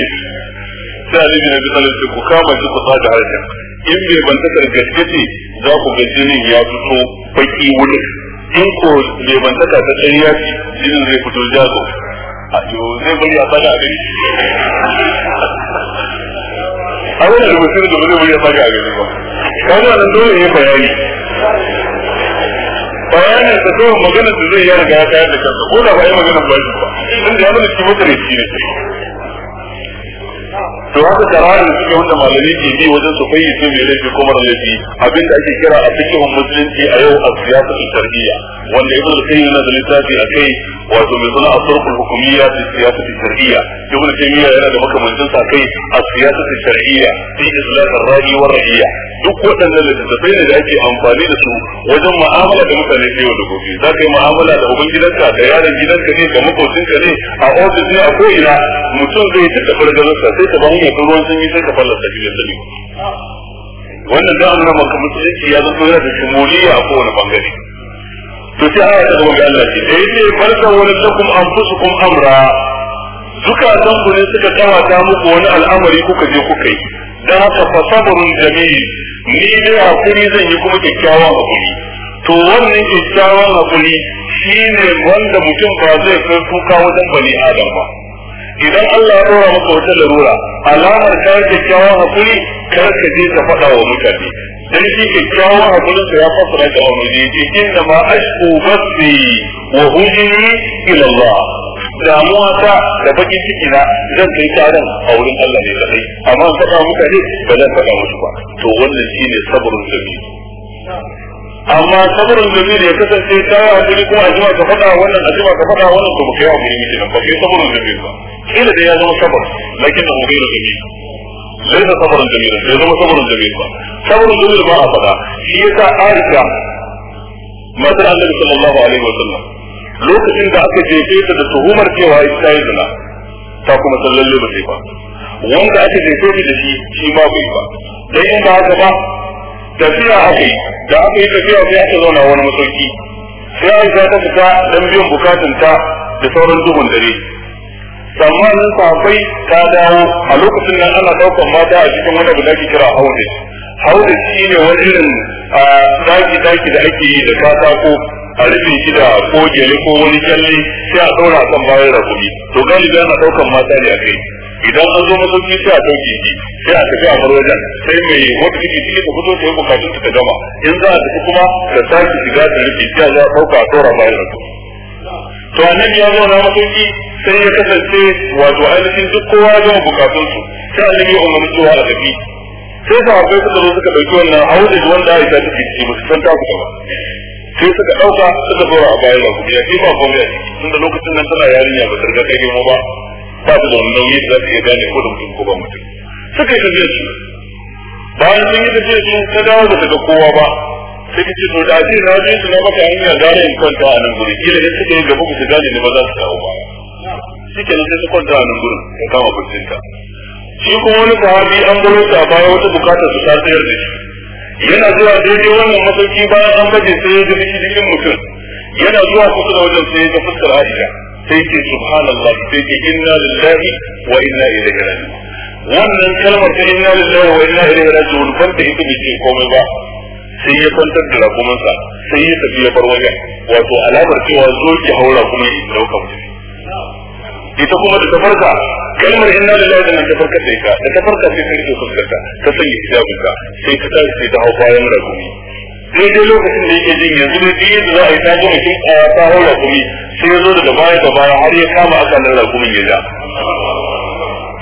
Speaker 1: sai alibi na bisal ce ku kama shi ku da harshen in bai ta gaske ce za ku ga jinin ya fito baki wuri in ko bai ban ta tsariya ce jinin zai fito jago a yo zai bari a tsada a gari a wani rubutu da ba zai bari a a gari ba kaga nan dole ne bayani bayanin da kawai magana da zai yi riga ya tayar da kansa ko da ba yi maganar ba shi ba inda ya mana shi mutane shi ne to haka karari suke wanda malamai ke bi wajen su fayyace mai laifi ko mara laifi abinda ake kira a cikin musulunci a yau a siyasa da tarbiyya wanda ibn al-qayyim na da littafi a kai wato mai suna asrul hukumiyya fi siyasa da tarbiyya ibn taymiya yana da makamancin sa kai a siyasa da tarbiyya fi islah ar-ra'i wa ra'iyya duk waɗannan littattafai ne da ake amfani da su wajen mu'amala da mutane ta yau da gobe za ka yi mu'amala da uban gidanka da yaron gidanka ne da makocinka ne a ofis ne a ko'ina mutum zai tattaɓa da sai ta ba ne ko ruwan sanyi sai ka fallasa shi da sani wannan da amurka maka musulunci ya zanto yana da shimuliya a kowane bangare to sai aya ta zama ga Allah ce da eh, yake farka wani takum anfusukum amra zukatan ku ne suka kawata muku wani al'amari kuka je kuka yi dan haka fa sabrun jamil ni ne hakuri zan yi kuma kyakkyawan hakuri to wannan kyakkyawan hakuri shine wanda mutum ba zai kai kuka wajen bani adam ba idan Allah ya dora maka wata larura alamar ka kyakkyawan hakuri kar ka je ka faɗa wa mutane dan shi kyakkyawan hakurin sa ya fasara da wani ne ce inna ma ashku basri wa hujri ila Allah damuwa ta da bakin ciki na zan kai taron a wurin Allah ne kadai amma in faɗa mutane ba zan faɗa musu ba to wannan shine sabrun zabi amma sabrun zabi ya kasance ta hakuri kuma a jima ka faɗa wannan a jima ka faɗa wannan to ba kai hakuri ne ba kai sabrun zabi ba kila da ya zama sabar lakin na mugira jamil sai da sabarin jamil sai zama sabarin jamil ba sabarin jamil ba a faɗa shi yasa aisha matar annabi sallallahu alaihi wa sallam lokacin da aka jefe ta da tuhumar cewa ita yi zina ta kuma sallalle ba sai ba wanda aka jefe ta da shi shi ma bai ba dan in ba haka ba tafiya aka yi da aka yi tafiya sai aka zauna wani masauki sai aisha ta fita dan biyan bukatun da sauran duhun dare tsammanin sahabbai ta dawo a lokacin nan ana daukan mata a cikin wani abu da ake kira haure haure shi ne wani irin daki daki da ake yi da katako a rufin shi da ko gele ko wani kyalle sai a ɗaura a kan bayan rakumi to galibi ana daukan mata ne a kai idan an zo masauki sai a ɗauke shi sai a tafi a bar wajen sai mai wata shi ne ta fito ta yi bukatun ta gama in za a tafi kuma ta sake shiga da rufi sai a za a ɗauka a ɗaura bayan rakumi to annabi ya zo na makoki sai ya kasance wato ainihin duk kowa ya gama bukatun su sai annabi ya umarni zuwa a tafi sai sahabbai suka zo suka ɗauki wannan aure da wanda Aisha take ciki ba su san ta kuka ba sai suka ɗauka suka zo a bayan wasu ya ce ba komai a ciki tunda lokacin nan tana yarinya ba targa kai girma ba ba su da wani nauyi da za su iya gane ko da mutum ko ba mutum suka yi tafiya su bayan sun yi tafiya su ta dawo ba ta ga kowa ba sai ka ce to da ce na je su na maka hanya gara in kwanta a nan gurin kila in suka yi gaba ku shiga ne ba za su dawo ba shi kenan sai su kwanta a nan gurin ka kama barcinka shi kuma wani sahabi an gano su a baya wata bukatar su ta tsayar da shi yana zuwa daidai wannan masauki bayan an baje sai ya ga cikin mutum yana zuwa kusa da wajen sai ya ga fuskar Aisha sai ce subhanallah sai ce inna lillahi wa inna ilaihi raji'un wannan kalmar ta inna lillahi wa inna ilaihi raji'un ban da ita ce komai ba sai ya kwantar da rakumansa sai ya tafi ya bar wato alamar cewa zo ki haura kuma ya dauka mutum ita kuma da tafarka kalmar inna lillahi da ta farka sai ka da tafarka sai ka rike fuskarka ka sanya hijabin ka sai ka tashi sai ta hau bayan rakumi daidai lokacin da yake jin yanzu ne da za a yi ta gama kin ta haura kuma sai ya zo daga baya da baya har ya kama akalar rakumin ya ja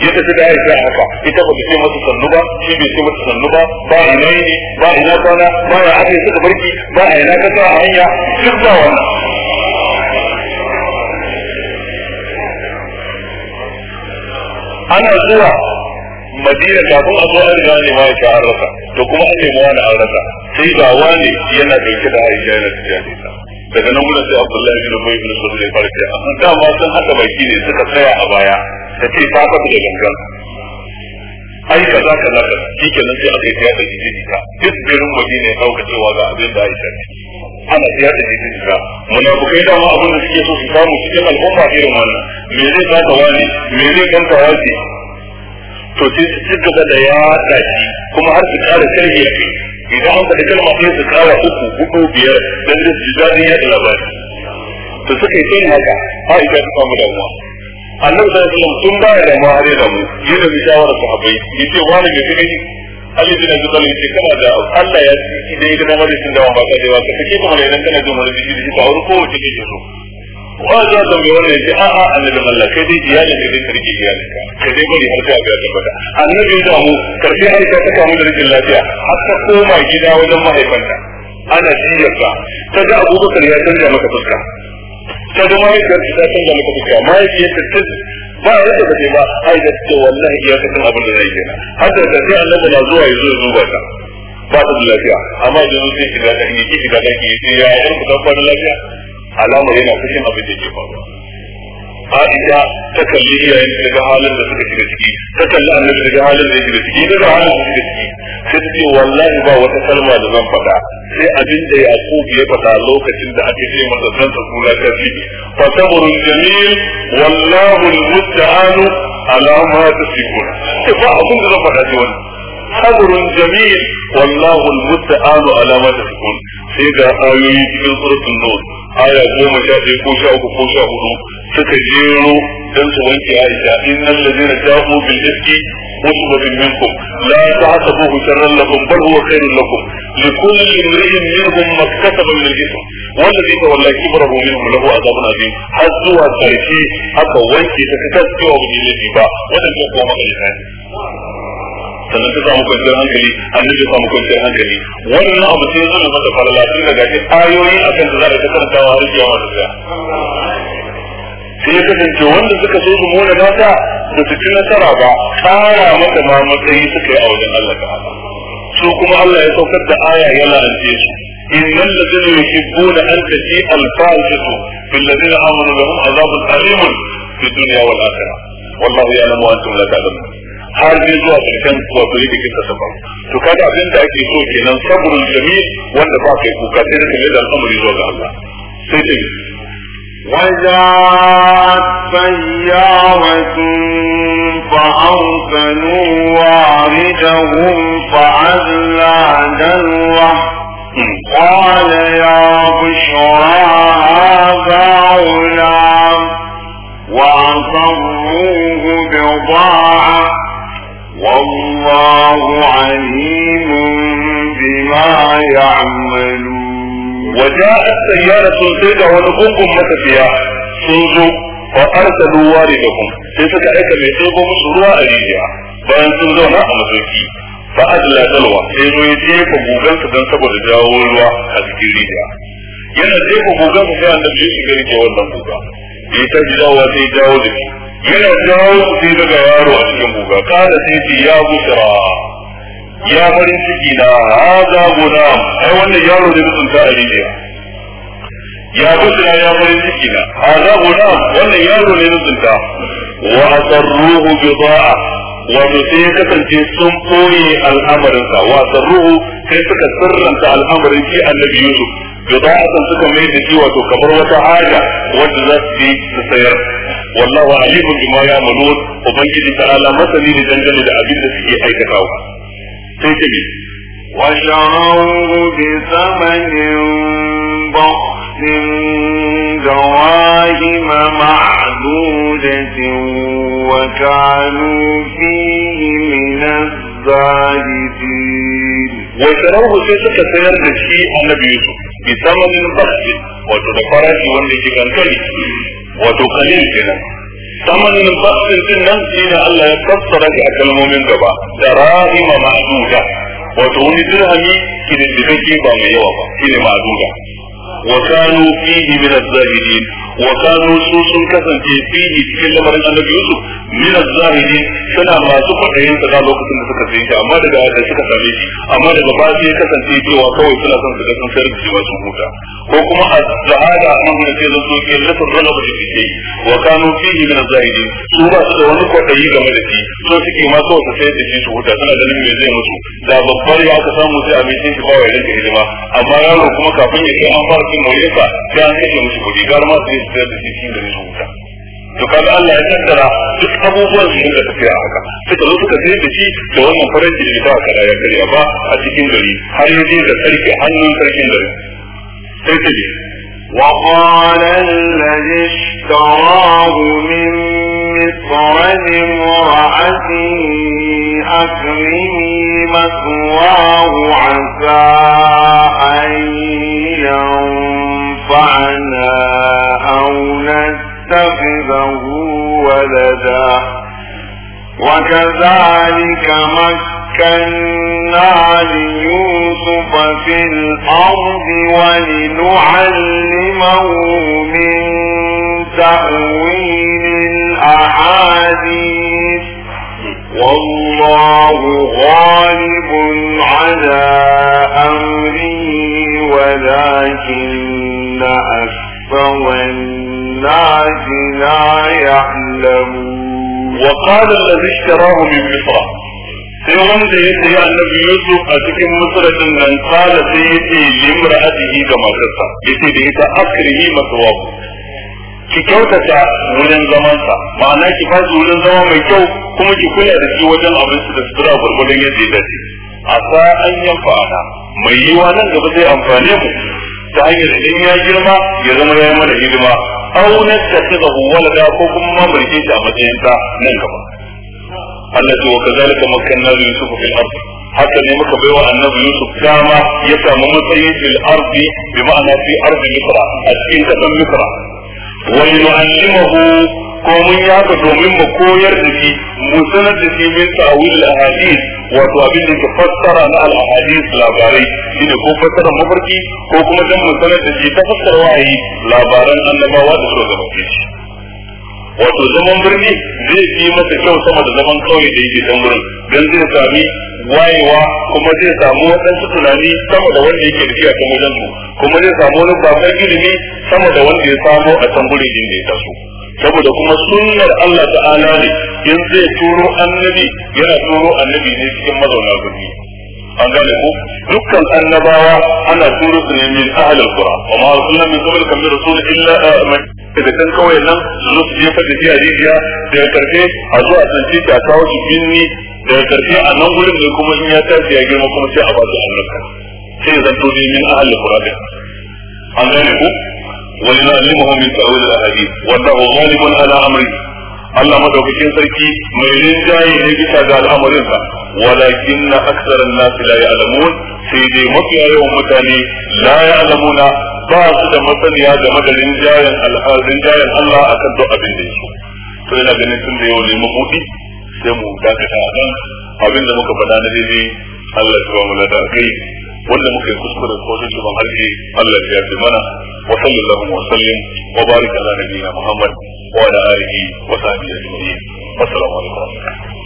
Speaker 1: ya tafi da aisha a haka ita ba ta ce mata sannu ba shi bai ce mata sannu ba ba ina ne ba ina kwana ba ya aka yi suka barki ba a ina kasa a hanya duk ba wannan ana zuwa madina kafin a zo an riga ne ma ya an rasa to kuma an nemi wani an rasa sai ba wani yana dauke da aisha yana tafiya da ita daga nan wurin sai abdullahi bin ubay bin sulul ya farka an dama sun haka baki ne suka tsaya a baya ta ce ta fata da gangan ai kaza kaza kaza shikenan sai aka yi tiyata jijiji ta duk birin madina ya dauka cewa ga abin da aisha ce ana tiyata jijiji ta munafukai dama abin da suke so su samu cikin al'umma irin wannan me zai ta wani me zai ta wani to sai su ci gaba da ya shi kuma har su ƙara tarbiyya kai idan an faɗi kalma sai su kara uku hudu biyar dan da su daɗin yadda labari to suka yi yin haka har idan ta samu damuwa annabi sallallahu alaihi wasallam tun baya damuwa har ya damu ya da shawara sahabbai yace wani mai kake Ali bin Abi Talib ce kana da Allah ya ci idan ya ga dama da sun dawo ba ka da ka kake kuma idan kana jin wani jiki da shi ka wani ko wace kake so wa za ta mai wannan yace a a annabi Allah kai dai iyalin ka dai karki iyalin ka kai dai bari har ta ga tabbata annabi da mu karshe har ta ta kamu da rikin lafiya har ta koma gida wajen mahaifanta ana jiyarta ta ga abubakar ya canja maka fuska ta ga mahaifiyar ta canja maka fuska mahaifiyar ta ba ya da kace ba ai da to wallahi ya kace abin da zai kenan har da sai annabi na zuwa ya zo ya duba ta ba ta da lafiya amma idan sai shiga da yake shiga da ke, ya yi ku da lafiya alamar yana cikin abin da ke faruwa Aisha ta kalli iyayen ta ga halin da suka shiga ciki ta kalli annabi ta ga halin da ya shiga ciki ta halin da suka ciki sai ta ce wallahi ba wata kalma da zan faɗa sai abin da Yaqub ya faɗa lokacin da ake ce masa zan ta kula ta fi fa sabrun jamil wallahu almusta'anu ala ma tasifun sai ba abin da zan faɗa ce wani. sabrun jamil wallahu almusta'anu ala ma tasifun sai da ayoyi cikin suratul nur aya goma sha ɗaya ko sha uku ko sha hudu suka jero dan su wanke Aisha innal ladina ja'u bil ifki usbatun minkum la tahsabuhu sharran lakum bal huwa khairun lakum likulli imrin minhum maktasaba min al-ithm والذي تولى كبره منهم له عذاب عظيم har zuwa ƙarshe aka wanke ta ta cewa ba ne ba wannan ko kuma magana sannan ta samu kwanciyar hankali annabi samu kwanciyar hankali wannan abu sai zama masa falala tun daga shi ayoyi akan da za a ta karantawa har kiyama ta tsaya sai ya kasance wanda suka so su mona mata da su ci nasara ba kara mata ma matsayi suka yi a wajen Allah ta su kuma Allah ya saukar da aya ya la'ance su إن الذين يحبون أن تجيء الفاحشة في الذين آمنوا لهم عذاب أليم في الدنيا والآخرة والله يعلم وأنتم لا تعلمون har zai zuwa karshen wato yake kisa ta faru to kaga abin da ake so kenan sabrul jamil wanda ba yi kuka sai da kalle da al'amari zuwa ga Allah sai ce وجاءت wa. فأرسلوا واردهم فأدلى دلوه قال يا بشرى هذا غلام وأسروه بضاعة تعملون وجاءت سيارة سيدة ونقوم متفيا سوزو فأرسلوا واردهم سيسك أيك ميتوبة مسروا أليجا bayan sun zauna a mazauki fa adla sai zo ya jefa gugansa don saboda jawo ruwa a cikin rijiya yana jefa gugansa sai annabi ya shiga rike wannan guga ya ta ji dawowa sai jawo da shi yana jawo sai daga yaro a cikin guga kada sai ce ya busara ya farin ciki na haza gulam ai wannan yaro ne mutum ta aliya ya busra ya farin ciki na haza gulam wannan yaro ne mutum ta wa asarruhu bida'a wato sai ya kasance sun al'amarin al'amarinsa wa asarruhu sai suka sirranta al'amarin shi annabi yusuf bida'atan suka mai da shi wato kamar wata haja wanda za su yi su sayar wallahu alimun bima ya'malun ubangiji ta'ala masani ne dangane da abin da suke aikatawa sai ce bi wa sha'arun gobe samanin boxin gawa hima ma'azu da wa kanu fi himina zahiri wa sha'arun sai suka sayar da shi annabi yusuf bi samanin boxin wato da farashi wanda ke kankali wato kanin kenan ثمن بخس din nan shine Allah ya fassara shi a kalmomin gaba darahima ma'duda wato wani dirhami kididdige ba mai yawa ba shine ma'duda wa kanu fihi min az-zahidin wa kanu su sun kasance fihi cikin lamarin annabi Yusuf min suna masu kwaɗayin sa lokacin da suka sai shi amma daga da suka same shi amma daga ba sai kasance cewa kawai suna son su ga sun shi ba huta ko kuma az-zahada an gudu sai so ke lafa zalla ba shi ke wa kanu fihi min az-zahidin su ba game da shi so ma so su sayar da shi su huta suna ganin me zai mutu da babbar ya aka samu sai a mai shi ba wa ya amma yaro kuma kafin ya kai an cin moriyarsa an musu kuɗi gara ma su yi su da shi da wuta to kaga Allah ya kaddara duk abubuwan su da tafiya haka suka zo suka da shi da wannan ba ya ba a cikin gari har da sarki hannun sarkin gari sai ta مصر لامرأتي أكرمي مثواه عسى أن ينفعنا أو نستخذه ولدا وكذلك مكنا ليوسف في الأرض ولنعلمه من تأويل الأحاديث والله غالب على أمره ولكن أكثر الناس لا يعلمون وقال الذي اشتراه من مصر sai wanda ya sayi annabi Yusuf a cikin musulacin nan kala sai ya ce limra'atihi ga matarsa yace da ita akrihi maswaku ki kyautata wurin zamansa ma'ana ki ba shi wurin zama mai kyau kuma ki kula da shi wajen abinci da sutura gurgurdan yadda ya dace a sa an yanfa ana mai wa nan gaba zai amfane mu ta hanyar in ya girma ya zama ya mana hidima aunar ta ta huwala da ko kuma ma shi a matsayin ta nan gaba Allah ce wa kazalika makanna yusufu fil ardh haka ne muka baiwa annabi Yusuf dama ya samu matsayin fil ardi bi ma'ana fi ardi misra a cikin kasan misra wani nu'allimahu ko mun yi haka domin mu koyar da shi mu sanar da shi min ta'awil al-ahadith wato abin da ke fassara na al-ahadith labarai shine ko fassara mafarki ko kuma dan sanar da shi ta fassara wahayi labaran annabawa da suka gabace shi wato zaman birni zai fi masa kyau sama da zaman kauye da yake can gurin don zai sami wayewa kuma zai samu waɗansu tunani sama da wanda yake da a can wajen su kuma zai samu wani bakon ilimi sama da wanda ya samo a can gurin da ya taso saboda kuma sunnar Allah ta'ala ne in zai turo annabi yana turo annabi ne cikin mazauna birni an gane ku dukkan annabawa ana turo su ne min ahlul qura wa ma arsalna min qablika min rasul illa eh, daga can kauyen nan su zo su jefa da jiya rijiya daga karfe a zo a tsanci ta kawo su binni daga karfe a nan gurin ne kuma in ya tashi ya girma kuma sai a ba su annabta sai zan to dai min ahli qur'an an gane ku wani na limahu min ta'awil al-ahadith wa ta'u ghalibun ala amri Allah madaukakin sarki mai rinjaye ne bisa ga al'amarin al'amarinsa walakin na aksarar nasu la ya'lamun sai dai mafiya yawan mutane la alamuna. ba su da masaniya game da rinjayen rinjayen Allah a kan abin da yake to yana ganin sun da yau ne mabudi sai mu dakata a nan abin da muka faɗa na daidai Allah ya ba mu lada kai wanda muka yi kuskure ko shi ban halki Allah ya yi mana wa sallallahu wa sallim wa barika ala nabiyina Muhammad wa ala alihi wa sahbihi ajma'in assalamu alaikum